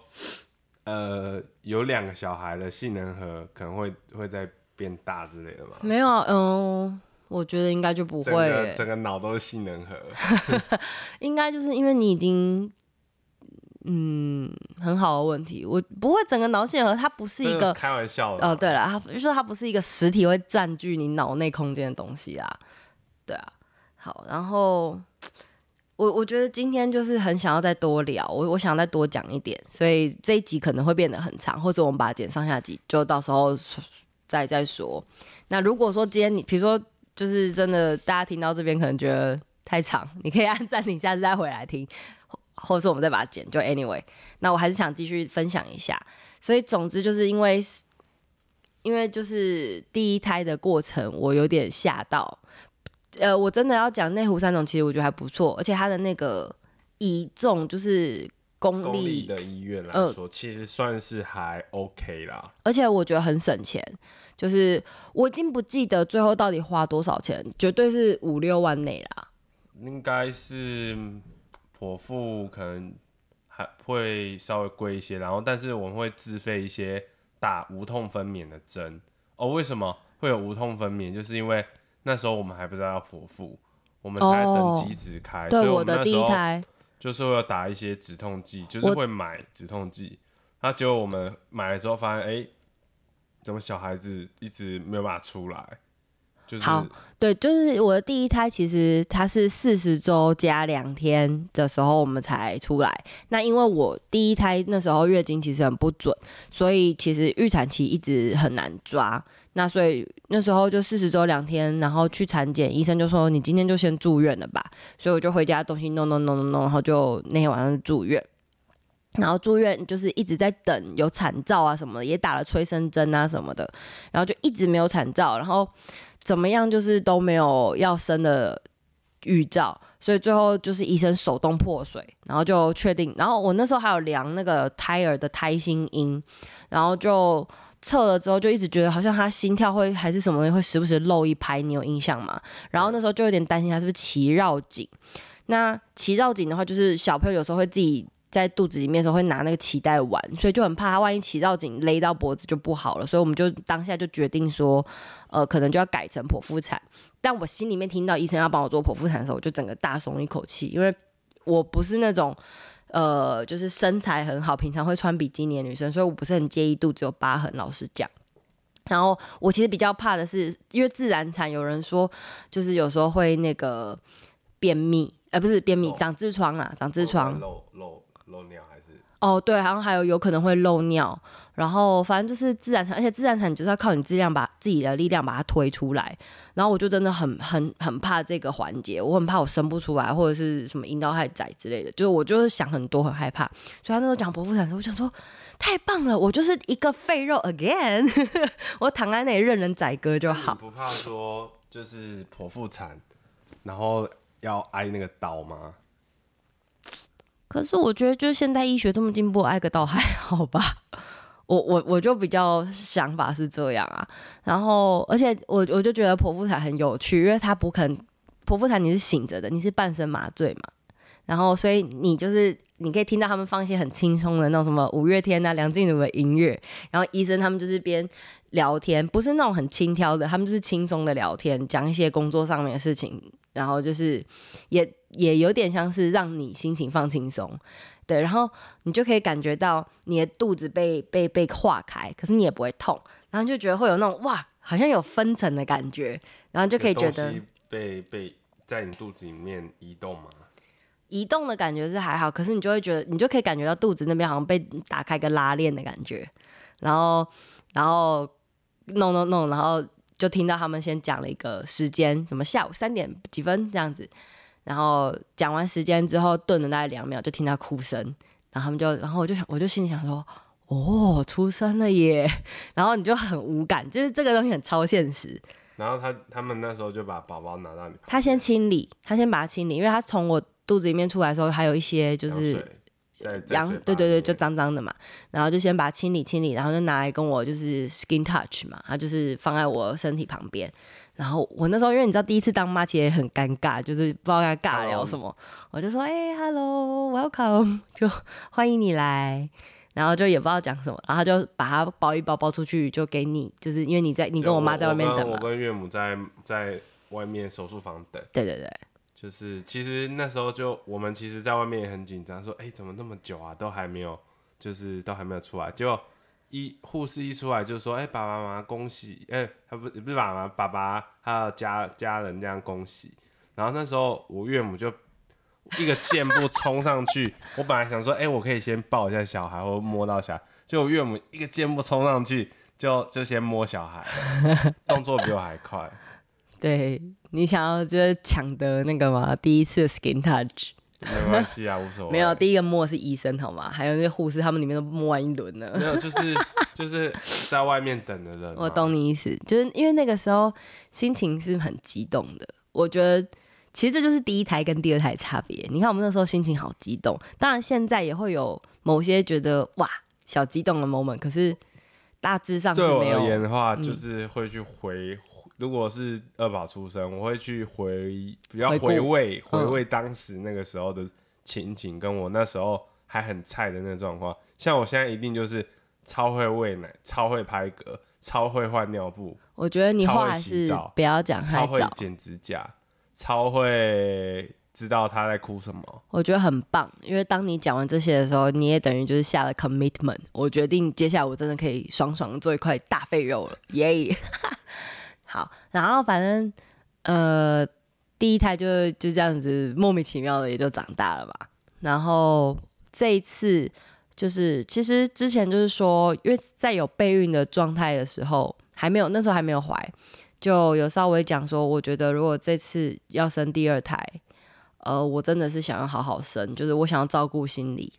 呃，有兩個小孩的性能核，可能會會再變大之類的嗎？沒有、啊，嗯，我覺得應該就不會、欸整。整個腦都是性能核， (laughs) (laughs) 應該就是因為你已經。嗯，很好的問題。我不會整個腦線盒，它不是一個開玩笑的哦、啊呃。對了，就是，說它不是一個實體會占據你腦內空間的東西啊。對啊，好。然後我我覺得今天就是很想要再多聊，我我想再多講一點，所以這一集可能會變得很長，或者我們把它剪上下集，就到時候再再，再說。那如果說今天你，比如說就是真的，大家聽到這邊可能覺得太長，你可以按暫停，下次再回來聽。或者我們再把它剪，就 anyway。那我還是想繼續分享一下，所以總之就是因為，因為就是第一胎的過程，我有點嚇到。呃，我真的要講內湖三總，其實我覺得還不錯，而且他的那個一眾就是公立，公立的醫院來說，呃、其實算是還 OK 啦。而且我覺得很省錢，就是我已經不記得最後到底花多少錢，絕對是五六萬內啦。應該是。剖腹可能還會稍微貴一些，然後但是我們會自費一些打無痛分娩的針。哦，為什麼會有無痛分娩？就是因為那時候我們還不知道要剖腹，我們才等機子開，哦、所以我們那時候就是要打一些止痛劑，就是會買止痛劑。那我 結果我們買了之後發現，哎、欸，怎麼小孩子一直沒有辦法出來？就好，對，就是我的第一胎，其實他是四十周加兩天的時候我們才出來。那因為我第一胎那時候月經其實很不準，所以其實預產期一直很難抓。那所以那時候就四十周兩天，然後去產檢，醫生就說，你今天就先住院了吧。所以我就回家東西弄弄弄弄弄，no, no, no, no, no, 然後就那天晚上住院。然後住院就是一直在等有產兆啊什麼的，也打了催生針啊什麼的，然後就一直沒有產兆，然後。怎麼樣，就是都沒有要生的預兆，所以最後就是醫生手動破水，然後就確定。然後我那時候還有量那個胎兒的胎心音，然後就測了之後，就一直覺得好像他心跳會還是什麼會時不時漏一拍，你有印象嗎？然後那時候就有點擔心他是不是臍繞頸。那臍繞頸的話，就是小朋友有時候會自己。在肚子裡面的時候會拿那個臍帶玩，所以就很怕他萬一臍繞頸勒到脖子就不好了，所以我們就當下就決定說，呃，可能就要改成剖腹產。但我心裡面聽到醫生要幫我做剖腹產的時候，我就整個大鬆一口氣，因為我不是那種呃，就是身材很好、平常會穿比基尼的女生，所以我不是很介意肚子有疤痕。老實講，然後我其實比較怕的是，因為自然產有人說就是有時候會那個便秘，呃，不是便秘，No. 長痔瘡啊，長痔瘡。No, no, no. 漏尿還是，哦對，好像還有有可能會漏尿，然後反正就是自然產，而且自然產就是要靠你質量把自己的力量把它推出來，然後我就真的很很很怕這個環節。我很怕我生不出來或者是什麼陰道太窄之類的，就是我就是想很多很害怕，所以他那時候講剖腹產的時候我就，我想說太棒了，我就是一個廢肉 again， (laughs) 我躺在那裡任人宰割就好。不怕說就是剖腹產，然後要挨那個刀嗎？可是我覺得，就現代醫學這麼進步，挨個刀還好吧？我我我就比較想法是這樣啊。然後，而且我我就覺得剖腹產很有趣，因為他不肯剖腹產，剖腹產你是醒着的，你是半身麻醉嘛。然後，所以你就是你可以聽到他們放一些很輕鬆的那種什麼五月天啊、梁靜茹的音樂。然後醫生他們就是邊聊天，不是那種很輕佻的，他們就是輕鬆的聊天，講一些工作上面的事情。然後就是也。也有點像是讓你心情放輕鬆，對，然後你就可以感覺到你的肚子被被被劃開，可是你也不會痛，然後就覺得會有那種哇，好像有分層的感覺，然後就可以覺得東西被被在你肚子裡面移動嗎？移動的感覺是還好，可是你就會覺得你就可以感覺到肚子那邊好像被打開個拉鏈的感覺，然後然後弄弄弄，no, no, no, 然後就聽到他們先講了一個時間，什麼下午三點幾分這樣子。然後講完時間之後，頓了大概兩秒，就聽他哭聲，然後他們就，然後我就想，我就心裡想說，哦，出生了耶！然後你就很無感，就是這個東西很超現實。然後他他們那時候就把寶寶拿到你，他先清理，他先把它清理，因為他從我肚子裡面出來的時候，還有一些就是羊，對對對，就髒髒的嘛。然後就先把它清理清理，然後就拿來跟我就是 skin touch 嘛，他就是放在我身體旁邊。然後我那時候，因為你知道第一次當媽，其實也很尷尬，就是不知道要尬聊什麼，Hello. 我就說：“哎，hello，welcome，就歡迎你來。”然後就也不知道講什麼，然後就把它包一包，包出去，就給你，就是因為你在，你跟我媽在外面等嘛。我，我剛剛我跟岳母在在外面手術房等。對對對。就是其實那時候就我們其實在外面也很緊張，說：“哎，怎麼那麼久啊？都還沒有，就是都還沒有出來。就”結果。一護士一出來就說：“哎、欸欸，爸爸媽媽恭喜！哎，他不不是媽媽，爸爸他的家家人這樣恭喜。”然後那時候我岳母就一個箭步衝上去， (laughs) 我本來想說：“哎、欸，我可以先抱一下小孩，或者摸到小孩。”就我岳母一個箭步衝上去，就就先摸小孩， (laughs) 動作比我還快。對，你想要就是搶得那個嗎？第一次 skin touch。沒關係啊，無所謂。 (laughs) 沒有，第一個摸的是醫生，好嗎？還有那些護士，他們裡面都摸完一輪了。 (laughs) 沒有，就是就是在外面等的人。 (laughs) 我懂你意思，就是因為那個時候心情是很激動的。我覺得其實這就是第一台跟第二台差別。你看我們那時候心情好激動，當然現在也會有某些覺得哇，小激動的 moment，可是大致上是沒有，對我而言的話，嗯、就是會去回。如果是二寶出生，我會去回，比較回味回，顧回味當時那個時候的情景，嗯、跟我那時候還很菜的那個狀況。像我現在一定就是超會餵奶，超會拍嗝，超會換尿布。我覺得你話還是不要講太早，超會剪指甲，超會知道他在哭什麼。我覺得很棒，因為當你講完這些的時候，你也等於就是下了 commitment。我決定接下來我真的可以爽爽做一塊大廢肉了！耶、yeah! (laughs) 好，然後反正呃，第一胎就就這樣子莫名其妙的也就長大了嘛。然後這一次就是，其實之前就是說，因為在有備孕的狀態的時候，還沒有那時候還沒有懷，就有稍微講說，我覺得如果這次要生第二胎，呃，我真的是想要好好生，就是我想要照顧心理。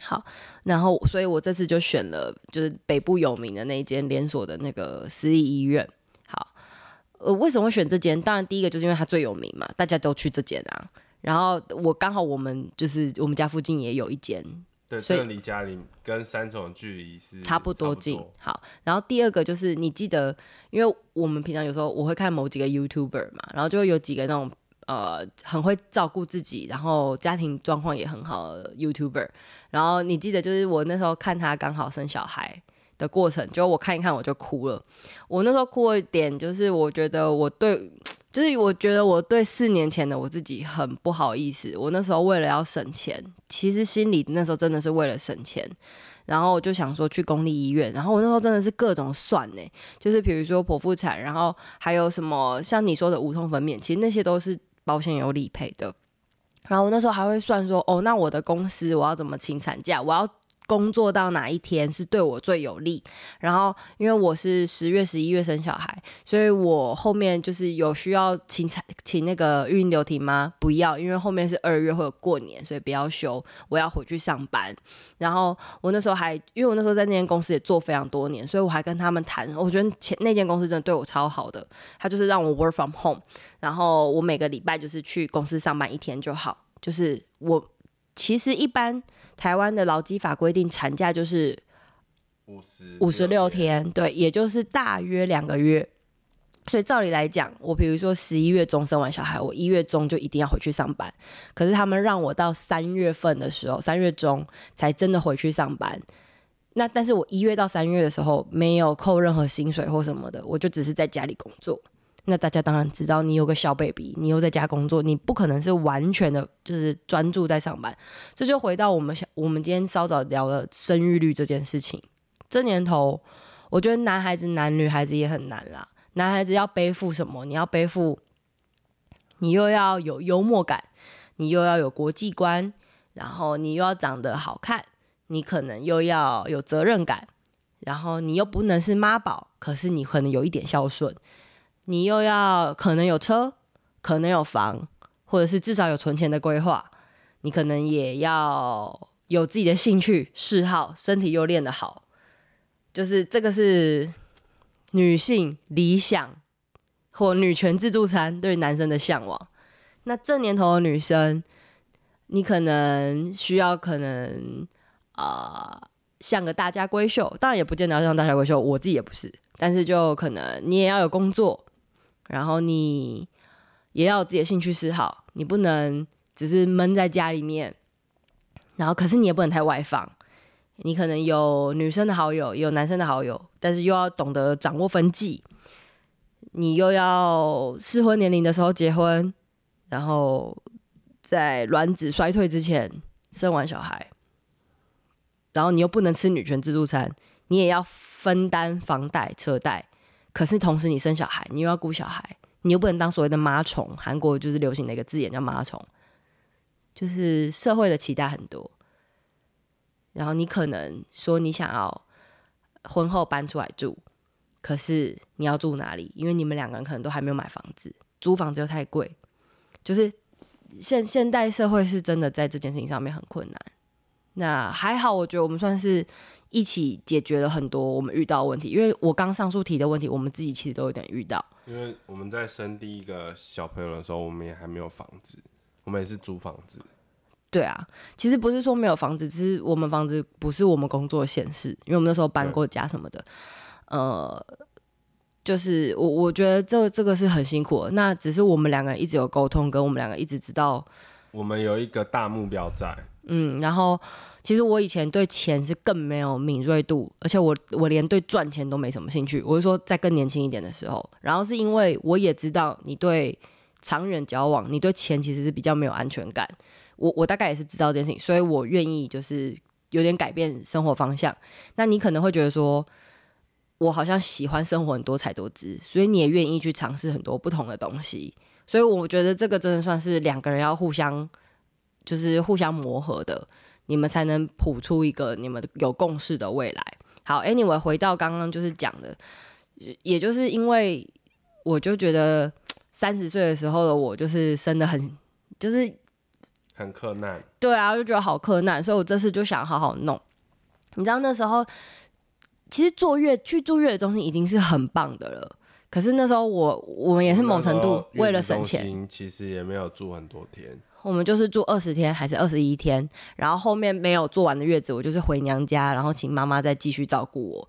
好，然後所以我這次就選了就是北部有名的那間連鎖的那個私立醫院。呃，為什麼會選這間？當然，第一個就是因為它最有名嘛，大家都去這間啊。然後我剛好我們就是我們家附近也有一間、嗯，對，所以離家裡跟三重距離是差不，差不多近。好，然後第二個就是你記得，因為我們平常有時候我會看某幾個 YouTuber 嘛，然後就會有幾個那種呃很會照顧自己，然後家庭狀況也很好的 YouTuber。然後你記得就是我那時候看他剛好生小孩。的過程，就我看一看我就哭了。我那時候哭了一點，就是我覺得我對，就是我覺得我對四年前的我自己很不好意思。我那時候為了要省錢，其實心裡那時候真的是為了省錢，然後我就想說去公立醫院。然後我那時候真的是各種算欸，就是比如說剖腹產，然後還有什麼像你說的無痛分娩，其實那些都是保險有理賠的。然後我那時候還會算說，哦，那我的公司我要怎麼請產假，我要。工作到哪一天是對我最有利？然後，因為我是十月、十一月生小孩，所以我後面就是有需要請產請那個育嬰留停嗎？不要，因為後面是二月會有過年，所以不要休，我要回去上班。然後我那時候還，因為我那時候在那間公司也做非常多年，所以我還跟他們談。我覺得前那間公司真的對我超好的，他就是讓我 work from home，然後我每個禮拜就是去公司上班一天就好。就是我其實一般。台灣的勞基法規定產假就是五十六天，對，也就是大約兩個月。所以照理來講，我比如說十一月中生完小孩，我一月中就一定要回去上班。可是他們讓我到三月份的時候，三月中才真的回去上班。那但是我一月到三月的時候沒有扣任何薪水或什麼的，我就只是在家裡工作。那大家當然知道，你有個小 baby，你又在家工作，你不可能是完全的，就是專注在上班。這就回到我們小，我們今天稍早聊的生育率這件事情。這年頭，我覺得男孩子、男女孩子也很難啦。男孩子要背負什麼？你要背負，你又要有幽默感，你又要有國際觀，然後你又要長得好看，你可能又要有責任感，然後你又不能是媽寶，可是你可能有一點孝順。你又要可能有車，可能有房，或者是至少有存錢的規劃。你可能也要有自己的興趣嗜好，身體又練得好。就是這個是女性理想或女權自助餐對男生的向往。那這年頭的女生，你可能需要可能啊，呃，像個大家閨秀，當然也不見得要像大家閨秀，我自己也不是，但是就可能你也要有工作。然後你也要有自己的興趣嗜好，你不能只是悶在家裡面。然後，可是你也不能太外放。你可能有女生的好友，有男生的好友，但是又要懂得掌握分際。你又要適婚年齡的時候結婚，然後在卵子衰退之前生完小孩。然後你又不能吃女權自助餐，你也要分擔房貸、車貸。可是同時，你生小孩，你又要顧小孩，你又不能當所謂的媽蟲。韓國就是流行的一個字眼叫媽蟲，就是社會的期待很多。然後你可能說你想要婚後搬出來住，可是你要住哪裡？因為你們兩個人可能都還沒有買房子，租房子又太貴。就是現現代社會是真的在這件事情上面很困難。那還好，我覺得我們算是。一起解決了很多我們遇到的問題，因為我剛上述提的問題，我們自己其實都有點遇到。因為我們在生第一個小朋友的時候，我們也還沒有房子，我們也是租房子。對啊，其實不是說沒有房子，只是我們房子不是我們工作縣市，因為我們那時候搬過家什麼的。對呃，就是我我覺得這這個是很辛苦。那只是我們兩個人一直有溝通，跟我們兩個一直知道我們有一個大目標在。嗯，然後。其實我以前對錢是更沒有敏銳度，而且我我連對賺錢都沒什麼興趣。我是說，在更年輕一點的時候，然後是因為我也知道你對長遠交往，你對錢其實是比較沒有安全感。我我大概也是知道這件事情，所以我願意就是有點改變生活方向。那你可能會覺得說，我好像喜歡生活很多采多姿，所以你也願意去嘗試很多不同的東西。所以我覺得這個真的算是兩個人要互相就是互相磨合的。你們才能譜出一個你們有共識的未來。好，Anyway，回到剛剛就是講的，也就是因為我就覺得三十歲的時候的我就是生的很就是很克難，對啊，我就覺得好克難，所以我這次就想好好弄。你知道那時候其實坐月去住月子中心已經是很棒的了，可是那時候我我們也是某程度為了省錢，其實也沒有住很多天。我們就是住二十天還是二十一天，然後後面沒有做完的月子，我就是回娘家，然後請媽媽再繼續照顧我，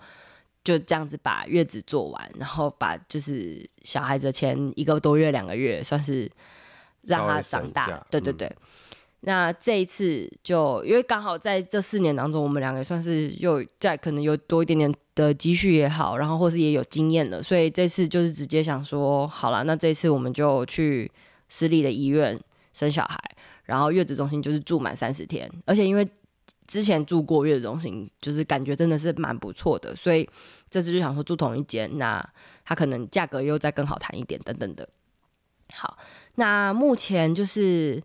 就這樣子把月子做完，然後把就是小孩子前一個多月兩個月算是讓他長大，對對對。嗯。那這一次就因為剛好在這四年當中，我們兩個算是又在可能有多一點點的積蓄也好，然後或是也有經驗了，所以這次就是直接想說好了，那這次我們就去私立的醫院。生小孩，然後月子中心就是住滿三十天，而且因為之前住過月子中心，就是感覺真的是蠻不錯的，所以這次就想說住同一間，那他可能價格又再更好談一點等等的。好，那目前就是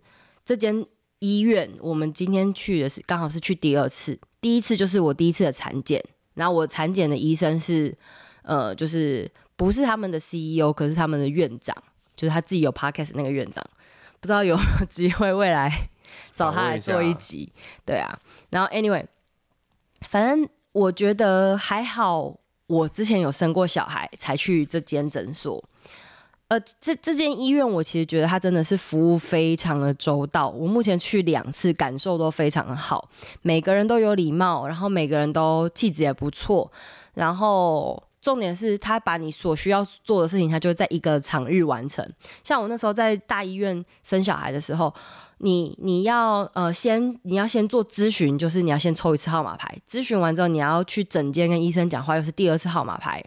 這間醫院，我們今天去的是剛好是去第二次，第一次就是我第一次的產檢，然後我產檢的醫生是呃，就是不是他們的 CEO，可是他們的院長，就是他自己有 podcast 那個院長。不知道有沒有機會未來找他來做一集，對啊。然後 anyway，反正我覺得還好，我之前有生過小孩才去這間診所。呃，這這間醫院我其實覺得他真的是服務非常的周到，我目前去兩次感受都非常的好，每個人都有禮貌，然後每個人都氣質也不錯，然後。重點是他把你所需要做的事情，他就在一個場域完成。像我那時候在大醫院生小孩的時候你，你你要呃先你要先做諮詢，就是你要先抽一次號碼牌。諮詢完之後，你要去診間跟醫生講話，又是第二次號碼牌。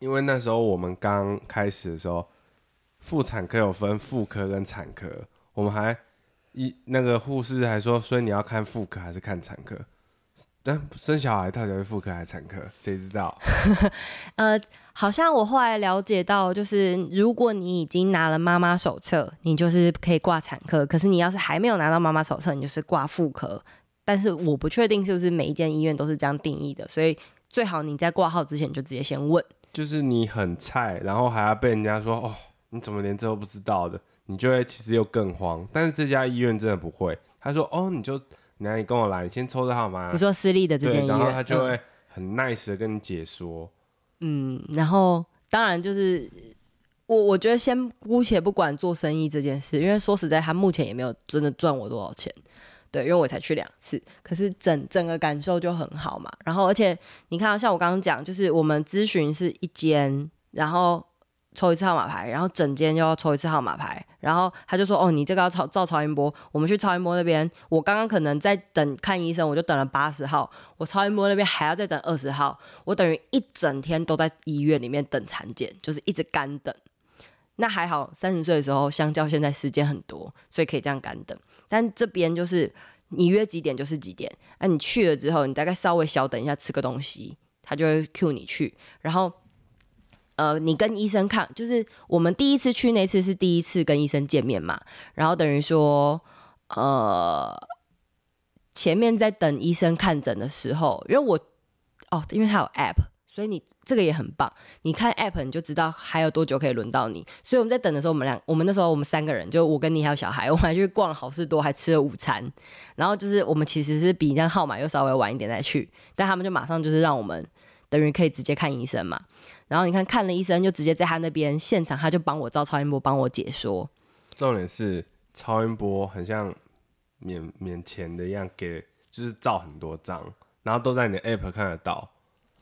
因為那時候我們剛開始的時候，婦產科有分婦科跟產科，我們還一那個護士還說，所以你要看婦科還是看產科？但生小孩到底會婦科還是產科，誰知道？ (laughs) 呃，好像我後來了解到，就是如果你已經拿了媽媽手冊，你就是可以掛產科；可是你要是還沒有拿到媽媽手冊，你就是掛婦科。但是我不確定是不是每一間醫院都是這樣定義的，所以最好你在掛號之前就直接先問。就是你很菜，然後還要被人家說“哦，你怎麼連這都不知道的”，你就會其實又更慌。但是這家醫院真的不會，他說“哦，你就”。那你跟我來，你先抽個號碼。你說私立的這間，然後他就會很 nice 的跟你解說。嗯，嗯，然後當然就是我，我覺得先姑且不管做生意這件事，因為說實在，他目前也沒有真的賺我多少錢。對，因為我才去兩次，可是整整個感受就很好嘛。然後，而且你看啊，像我剛剛講，就是我們諮詢是一間，然後。抽一次號碼牌，然後整間又要抽一次號碼牌，然後他就說：“哦，你這個要照超音波，我們去超音波那邊。”我剛剛可能在等看醫生，我就等了八十號，我超音波那邊還要再等二十號，我等於一整天都在醫院裡面等產檢，就是一直乾等。那還好，三十歲的時候相較現在時間很多，所以可以這樣乾等。但這邊就是你約幾點就是幾點，那、啊、你去了之後，你大概稍微小等一下吃個東西，他就會 cue 你去，然後。呃，你跟醫生看，就是我們第一次去那次是第一次跟醫生見面嘛。然後等於說，呃，前面在等醫生看診的時候，因為我哦，因為他有 app，所以你這個也很棒。你看 app 你就知道還有多久可以輪到你。所以我們在等的時候，我們兩我們那時候我們三個人，就我跟你還有小孩，我們還去逛了好市多，還吃了午餐。然後就是我們其實是比那號碼又稍微晚一點再去，但他們就馬上就是讓我們等於可以直接看醫生嘛。然後你看看了醫生，就直接在他那邊現場，他就幫我照超音波，幫我解說。重點是超音波很像免免錢的一樣給，給就是照很多張，然後都在你的 App 看得到。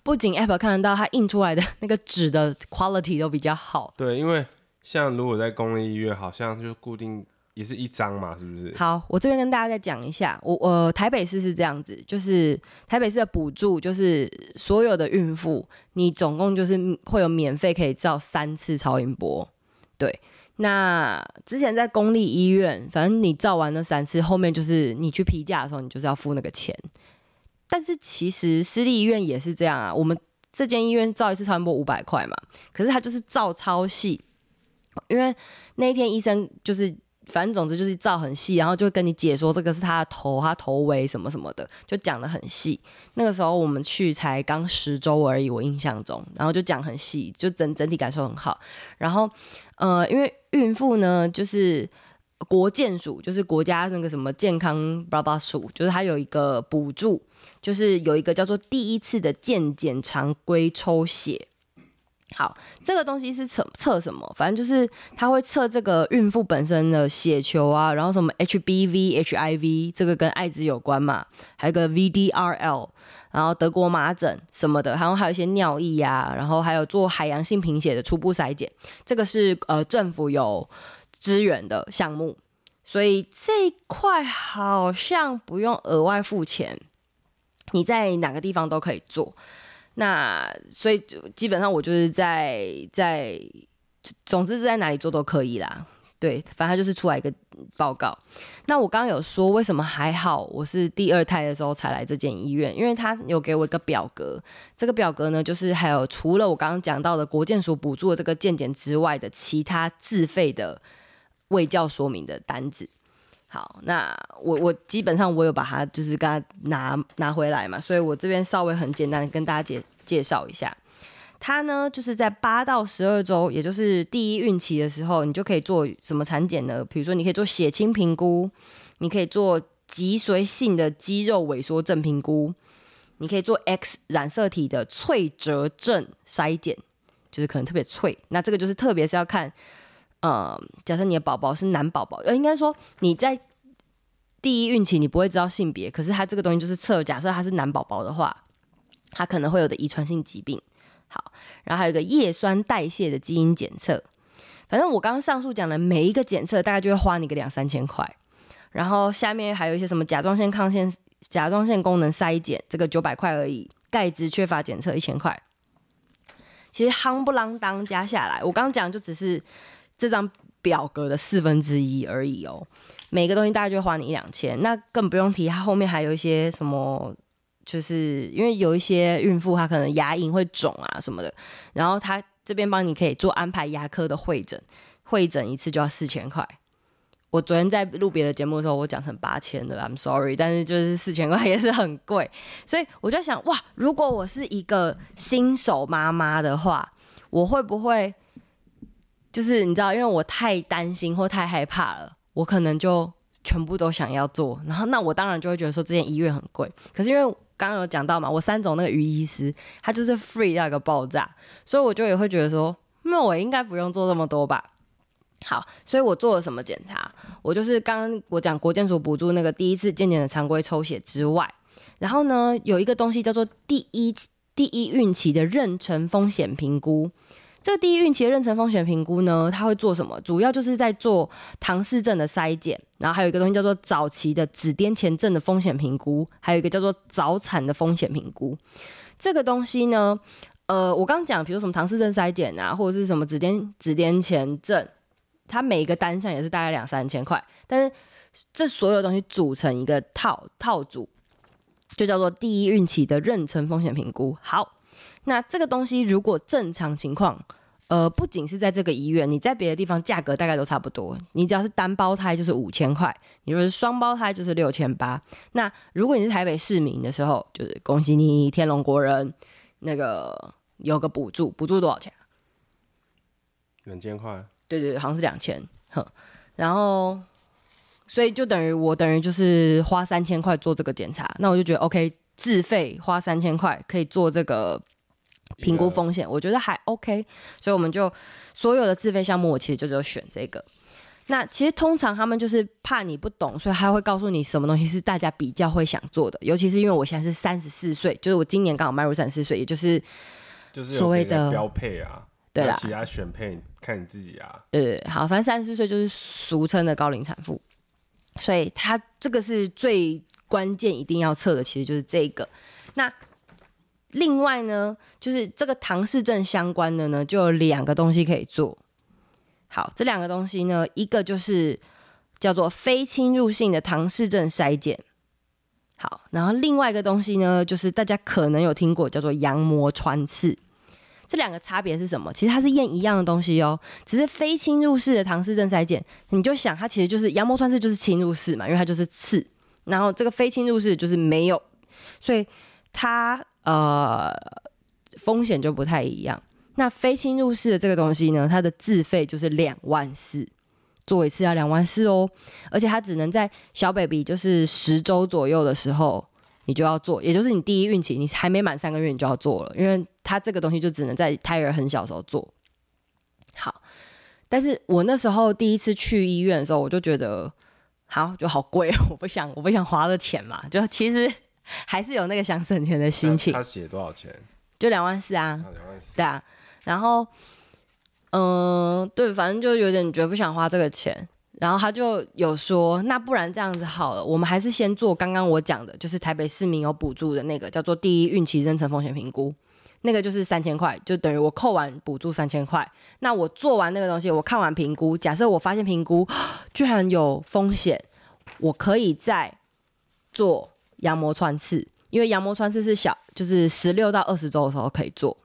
不僅 App 看得到，它印出來的那個紙的 quality 都比較好。對，因為像如果在公立醫院，好像就固定。也是一張嘛，是不是？好，我這邊跟大家再講一下，我呃，台北市是這樣子，就是台北市的補助，就是所有的孕婦，你總共就是會有免費可以照三次超音波。對，那之前在公立醫院，反正你照完那三次，後面就是你去批價的時候，你就是要付那個錢。但是其實私立醫院也是這樣啊，我們這間醫院照一次超音波五百塊嘛，可是他就是照超細，因為那一天醫生就是。反正總之就是照很細，然後就會跟你解說這個是他的頭，他頭圍什麼什麼的，就講的很細。那個時候我們去才剛十周而已，我印象中，然後就講很細，就整整體感受很好。然後呃，因為孕婦呢，就是國健署，就是國家那個什麼健康爸爸 a 署，就是它有一個補助，就是有一個叫做第一次的健檢常規抽血，好，這個東西是測測什麼？反正就是它會測這個孕婦本身的血球啊，然後什麼 HBV、HIV 這個跟艾滋有關嘛，還有個 VDRL，然後德國麻疹什麼的，然後還有一些尿液啊，然後還有做海洋性貧血的初步篩檢。這個是呃政府有支援的項目，所以這塊好像不用額外付錢，你在哪個地方都可以做。那所以就基本上我就是在在，總之是在哪裡做都可以啦。對，反正他就是出來一個報告。那我剛剛有說為什麼還好？我是第二胎的時候才來這間醫院，因為他有給我一個表格。這個表格呢，就是還有除了我剛剛講到的國健署補助的這個健檢之外的其他自費的衛教說明的單子。好，那我我基本上我有把它就是剛剛拿拿回來嘛，所以我這邊稍微很簡單跟大家介介紹一下，它呢就是在八到十二週，也就是第一孕期的時候，你就可以做什麼產檢呢？比如說你可以做血清評估，你可以做脊髓性的肌肉萎縮症評估，你可以做 X 染色體的脆折症篩檢，就是可能特別脆，那這個就是特別是要看。呃、嗯，假設你的寶寶是男寶寶，應該說你在第一孕期你不會知道性別，可是他這個東西就是測，假設他是男寶寶的話，他可能會有的遺傳性疾病。好，然後還有一個葉酸代謝的基因檢測，反正我剛剛上述講的每一個檢測大概就會花你個兩三千塊，然後下面還有一些什麼甲狀腺抗線、甲狀腺功能篩檢，這個九百塊而已，鈣質缺乏檢測一千塊，其實夯不啷當加下來，我剛剛講就只是。這張表格的四分之一而已哦，每個東西大概就花你一兩千，那更不用提它後面還有一些什麼，就是因為有一些孕婦她可能牙齦會腫啊什麼的，然後他這邊幫你可以做安排牙科的會診，會診一次就要四千塊。我昨天在錄別的節目的時候，我講成八千的，I'm sorry，但是就是四千塊也是很貴，所以我就想，哇，如果我是一個新手媽媽的話，我會不會？就是你知道，因為我太擔心或太害怕了，我可能就全部都想要做。然後那我當然就會覺得說，這間醫院很貴。可是因為剛剛有講到嘛，我三種那個於醫師，他就是 free 那個爆炸，所以我就也會覺得說，那我應該不用做這麼多吧。好，所以我做了什麼檢查？我就是剛剛我講國健署補助那個第一次健檢的常規抽血之外，然後呢有一個東西叫做第一第一孕期的妊娠風險評估。這個第一孕期的妊娠風險評估呢，它會做什麼？主要就是在做唐氏症的篩檢，然後還有一個東西叫做早期的子癲前症的風險評估，還有一個叫做早產的風險評估。這個東西呢，呃，我剛剛講，比如說什麼唐氏症篩檢啊，或者是什麼子癲子癲前症，它每一個單項也是大概兩三千塊，但是這所有東西組成一個套套組，就叫做第一孕期的妊娠風險評估。好，那這個東西如果正常情況。呃，不僅是在這個醫院，你在別的地方價格大概都差不多。你只要是單胞胎就是五千塊，你如果是雙胞胎就是六千八。那如果你是台北市民的時候，就是恭喜你，天龍國人，那個有個補助，補助多少錢？兩千塊，啊、對,對對，好像是兩千。呵，然後，所以就等於我等於就是花三千塊做這個檢查，那我就覺得 OK，自費花三千塊可以做這個。評估風險，個我覺得還 OK，所以我們就所有的自費項目，我其實就只有選這個。那其實通常他們就是怕你不懂，所以他會告訴你什麼東西是大家比較會想做的，尤其是因為我現在是三十四歲，就是我今年剛好邁入三十四歲，也就是所謂的標配啊。對啊，其他選配看你自己啊。對,對,對，好，反正三十四歲就是俗稱的高齡產婦，所以他這個是最關鍵一定要測的，其實就是這個。那另外呢，就是這個唐氏症相關的呢，就有兩個東西可以做。好，這兩個東西呢，一個就是叫做非侵入性的唐氏症篩檢。好，然後另外一個東西呢，就是大家可能有聽過叫做羊膜穿刺。這兩個差別是什麼？其實它是驗一樣的東西哦，只是非侵入式的唐氏症篩檢，你就想它其實就是羊膜穿刺就是侵入式嘛，因為它就是刺。然後這個非侵入式就是沒有，所以它。呃，風險就不太一樣。那非侵入式的這個東西呢，它的自費就是兩萬四，做一次要兩萬四哦。而且它只能在小 baby 就是十周左右的時候，你就要做，也就是你第一孕期，你還沒滿三個月，你就要做了，因為它這個東西就只能在胎兒很小時候做。好，但是我那時候第一次去醫院的時候，我就覺得好就好貴哦，我不想我不想花了錢嘛，就其實。還是有那個想省錢的心情。他寫多少錢？就兩萬四啊。兩萬四。對啊，然後，嗯，對，反正就有點覺得不想花這個錢。然後他就有說，那不然這樣子好了，我們還是先做剛剛我講的，就是台北市民有補助的那個，叫做第一孕期妊娠風險評估，那個就是三千塊，就等於我扣完補助三千塊，那我做完那個東西，我看完評估，假設我發現評估，啊，居然有風險，我可以再做。羊膜穿刺，因為羊膜穿刺是小，就是十六到二十周的時候可以做。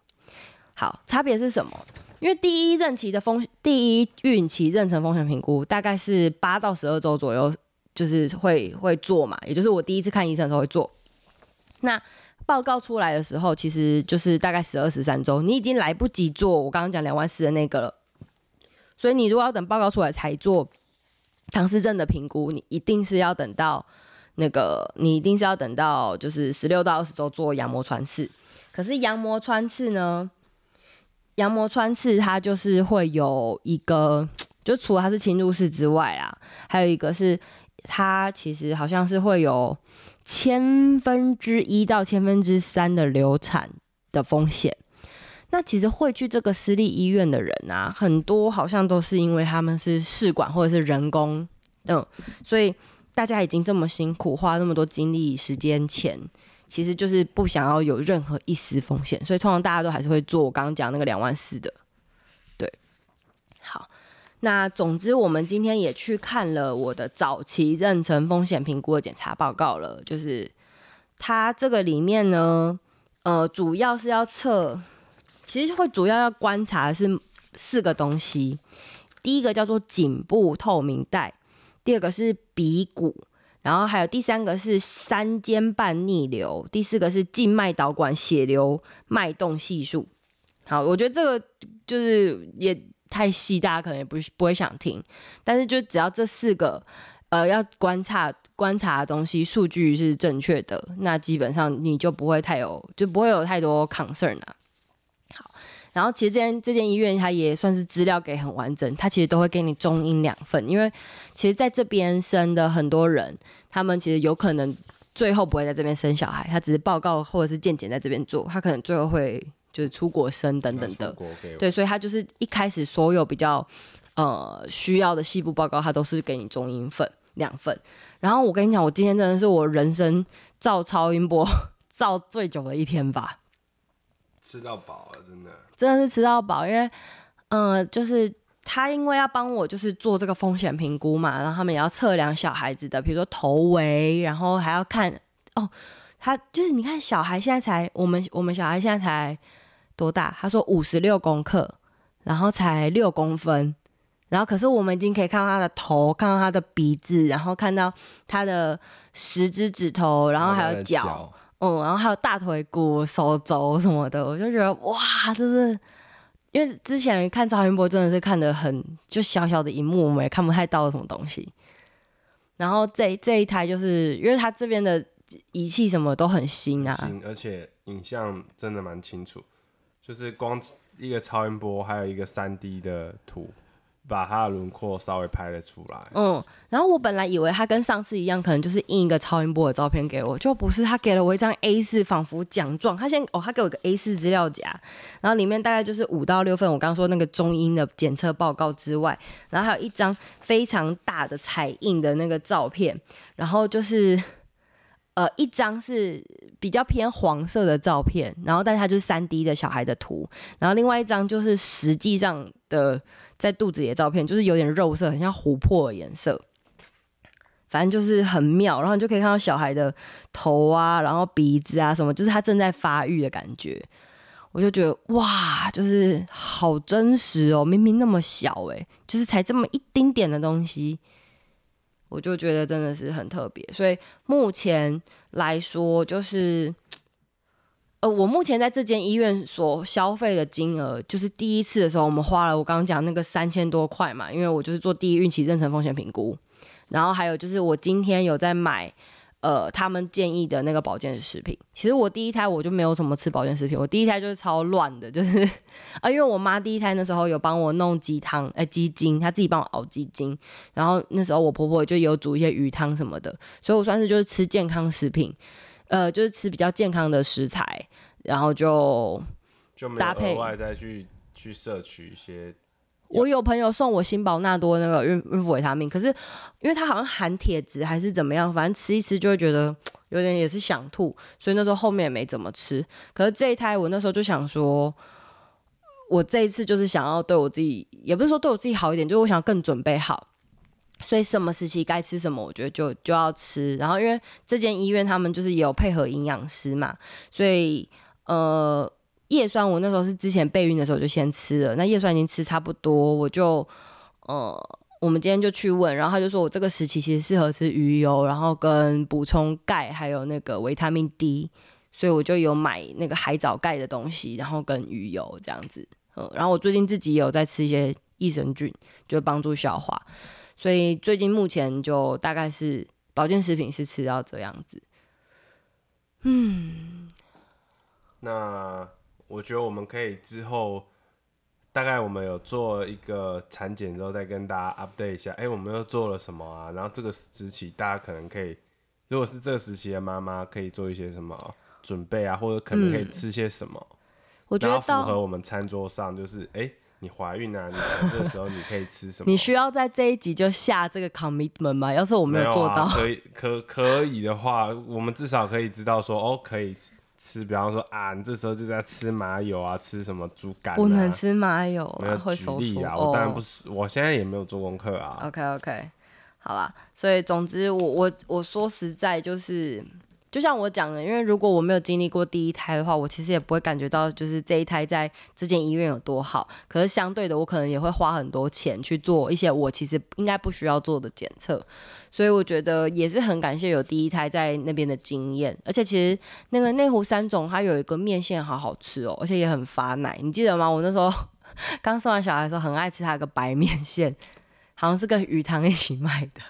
好，差別是什麼？因為第一任期第一孕期的風，第一孕期妊娠風險評估大概是八到十二周左右，就是會會做嘛，也就是我第一次看醫生的時候會做。那報告出來的時候，其實就是大概十二、十三周，你已經來不及做我剛剛講兩萬四的那個了。所以你如果要等報告出來才做唐氏症的評估，你一定是要等到。那個，你一定是要等到就是十六到二十週做羊膜穿刺，可是羊膜穿刺呢，羊膜穿刺它就是會有一個，就除了它是侵入式之外啊，還有一個是它其實好像是會有千分之一到千分之三的流產的風險。那其實會去這個私立醫院的人啊，很多好像都是因為他們是試管或者是人工，嗯，所以。大家已經這麼辛苦，花那麼多精力、時間、錢，其實就是不想要有任何一絲風險，所以通常大家都還是會做我剛剛講那個兩萬四的。對，好，那總之我們今天也去看了我的早期妊娠風險評估的檢查報告了，就是它這個裡面呢，呃，主要是要測，其實會主要要觀察的是四個東西，第一個叫做頸部透明帶。第二個是鼻骨，然後還有第三個是三尖瓣逆流，第四個是靜脈導管血流脈動係數。好，我覺得這個就是也太細，大家可能也不不會想聽。但是就只要這四個，呃，要觀察觀察的東西，數據是正確的，那基本上你就不會太有，就不會有太多 concern 啊。然後其實這間這間醫院它也算是資料給很完整，它其實都會給你中英兩份，因為其實在這邊生的很多人，他們其實有可能最後不會在這邊生小孩，他只是報告或者是健檢在這邊做，他可能最後會就是出國生等等的，對，所以他就是一開始所有比較呃需要的細部報告，他都是給你中英份兩份。然後我跟你講，我今天真的是我人生照超音波照最久的一天吧。吃到飽了，真的，真的是吃到飽，因為，嗯、呃，就是他因為要幫我就是做這個風險評估嘛，然後他們也要測量小孩子的，比如說頭圍，然後還要看，哦，他就是你看小孩現在才，我們我們小孩現在才多大？他說五十六公克，然後才六公分，然後可是我們已經可以看到他的頭，看到他的鼻子，然後看到他的十隻指、指頭，然後還有腳。嗯，然後還有大腿骨、手肘什麼的，我就覺得哇，就是因為之前看超音波真的是看得很就小小的螢幕，我們也看不太到什麼東西。然後這這一台就是因為它這邊的儀器什麼都很新啊，而且影像真的蠻清楚，就是光一個超音波，還有一個三 D 的圖。把他的輪廓稍微拍了出來。嗯、哦，然後我本來以為他跟上次一樣，可能就是印一個超音波的照片給我，就不是他給了我一張 A 四，仿佛獎狀。他先哦，他給我一個 A 四資料夾，然後裡面大概就是五到六份我剛剛說那個中英的檢測報告之外，然後還有一張非常大的彩印的那個照片，然後就是。呃，一張是比較偏黃色的照片，然後但是它就是 3D 的小孩的圖，然後另外一張就是實際上的在肚子裡的照片，就是有點肉色，很像琥珀的顏色，反正就是很妙。然後你就可以看到小孩的頭啊，然後鼻子啊什麼，就是他正在發育的感覺。我就覺得哇，就是好真實哦，明明那麼小哎、欸，就是才這麼一丁點的東西。我就覺得真的是很特別，所以目前來說，就是，呃，我目前在這間醫院所消費的金額，就是第一次的時候，我們花了我剛剛講那個三千多塊嘛，因為我就是做第一孕期妊娠風險評估，然後還有就是我今天有在買。呃，他們建議的那個保健食品，其實我第一胎我就沒有什麼吃保健食品。我第一胎就是超亂的，就是啊，因為我媽第一胎那時候有幫我弄雞湯，哎，雞精，她自己幫我熬雞精，然後那時候我婆婆就有煮一些魚湯什麼的，所以我算是就是吃健康食品，呃，就是吃比較健康的食材，然後就搭配就沒有額外再去去攝取一些。Yeah. 我有朋友送我新寶納多那個孕孕婦維他命，可是因為它好像含鐵質還是怎麼樣，反正吃一吃就會覺得有點也是想吐，所以那時候後面也沒怎麼吃。可是這一胎我那時候就想說，我這一次就是想要對我自己，也不是說對我自己好一點，就是我想要更準備好，所以什麼時期該吃什麼，我覺得就就要吃。然後因為這間醫院他們就是也有配合營養師嘛，所以呃。葉酸我那時候是之前備孕的時候就先吃了，那葉酸已經吃差不多，我就呃，我們今天就去問，然後他就說我這個時期其實適合吃魚油，然後跟補充鈣，還有那個維他命 D，所以我就有買那個海藻鈣的東西，然後跟魚油這樣子，嗯，然後我最近自己也有在吃一些益生菌，就幫助消化，所以最近目前就大概是保健食品是吃到這樣子，嗯，那。我覺得我們可以之後，大概我們有做一個產檢之後，再跟大家 update 一下。哎，我們又做了什麼啊？然後這個時期大家可能可以，如果是這個時期的媽媽，可以做一些什麼準備啊，或者可能可以吃些什麼？我覺得符合我們餐桌上就是，哎，你懷孕啊，你啊這時候你可以吃什麼？ (laughs) 你需要在這一集就下這個 commitment 嗎？要是我沒有做到，啊、可以可可以的話， (laughs) 我們至少可以知道說，哦，可以。吃，比方說啊，你這時候就在吃麻油啊，吃什麼豬肝、啊？不能吃麻油、啊，沒有舉例啊，啊會收哦、我當然不是，我現在也沒有做功課啊。OK OK，好吧，所以總之我，我我我說實在就是。就像我講的，因為如果我沒有經歷過第一胎的話，我其實也不會感覺到就是這一胎在這間醫院有多好。可是相對的，我可能也會花很多錢去做一些我其實應該不需要做的檢測。所以我覺得也是很感謝有第一胎在那邊的經驗。而且其實那個內湖三總，它有一個麵線好好吃哦、喔，而且也很發奶。你記得嗎？我那時候剛生完小孩的時候，很愛吃它一個白麵線，好像是跟魚湯一起賣的。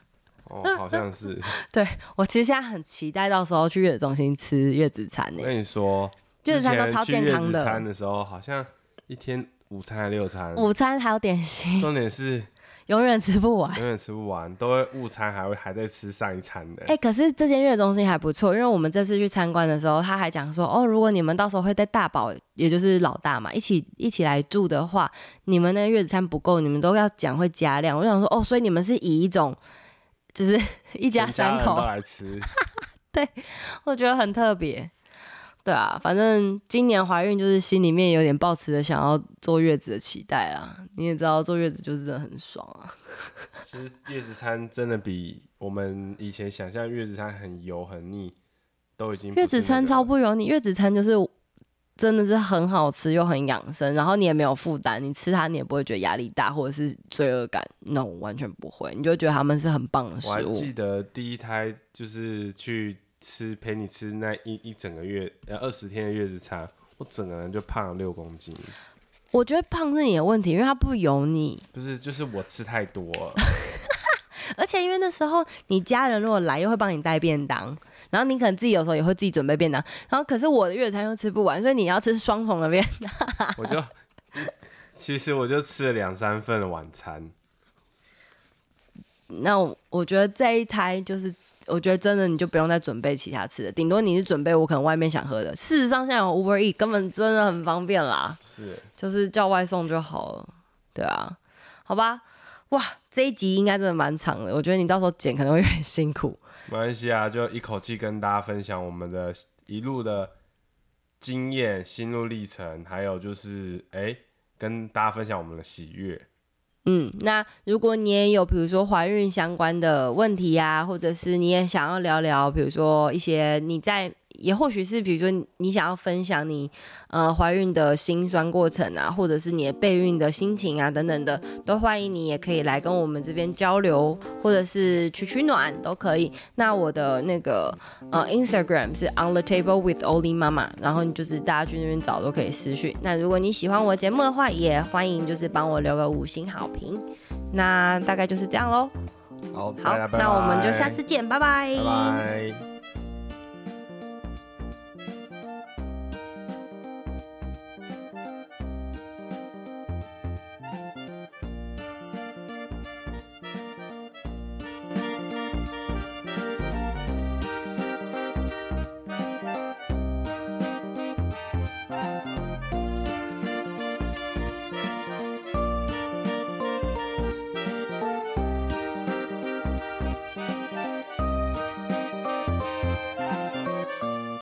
哦，好像是。 (laughs) 對，我其實現在很期待，到時候去月子中心吃月子餐誒、欸。我跟你說，月子餐都超健康的。月子餐的時候，好像一天五餐還六餐，五餐還有點心。重點是永遠吃不完，永遠吃不完，都會誤餐還會還在吃上一餐的。哎、欸，可是這間月子中心還不錯，因為我們這次去參觀的時候，他還講說，哦，如果你們到時候會帶大寶，也就是老大嘛，一起一起來住的話，你們那個月子餐不夠，你們都要講會加量。我想說，哦，所以你們是以一種。就是一家三口都來吃 (laughs) 對，我覺得很特別。對啊，反正今年懷孕就是心裡面有點抱持着想要坐月子的期待啊。你也知道，坐月子就是真的很爽啊。其實月子餐真的比我們以前想象月子餐很油很膩，都已經月子餐超不油膩。月子餐就是。真的是很好吃又很養生，然後你也沒有負擔，你吃它你也不會覺得壓力大或者是罪惡感。那我、no, 完全不會，你就覺得他們是很棒的食物。我還記得第一胎就是去吃，陪你吃那一一整個月，呃、二十天的月子餐，我整個人就胖了六公斤。我覺得胖是你的問題，因為它不油膩。不是，就是我吃太多了， (laughs) 而且因為那時候你家人如果來，又會幫你帶便當。然後你可能自己有時候也會自己準備便當，然後可是我的月餐又吃不完，所以你要吃雙重的便當。我就 (laughs) 其實我就吃了兩三份的晚餐。那我，我覺得這一胎就是，我覺得真的你就不用再準備其他吃的，頂多你是準備我可能外面想喝的。事實上現在有 Uber Eats，根本真的很方便啦。是，就是叫外送就好了。對啊，好吧，哇，這一集應該真的蠻長的，我覺得你到時候剪可能會有點辛苦。沒關係啊，就一口氣跟大家分享我們的一路的經驗、心路歷程，還有就是，誒、欸，跟大家分享我們的喜悅。嗯，那如果你也有，比如說懷孕相關的問題啊，或者是你也想要聊聊，比如說一些你在。也或許是，比如說你想要分享你呃懷孕的辛酸過程啊，或者是你的備孕的心情啊，等等的，都歡迎你也可以來跟我們這邊交流，或者是取取暖都可以。那我的那個呃 Instagram 是 On the Table with Oli 媽媽，然後你就是大家去那邊找都可以私訊。那如果你喜歡我的節目的話，也歡迎就是幫我留個五星好評。那大概就是這樣嘍。好，好，拜拜那我們就下次見，拜拜。拜拜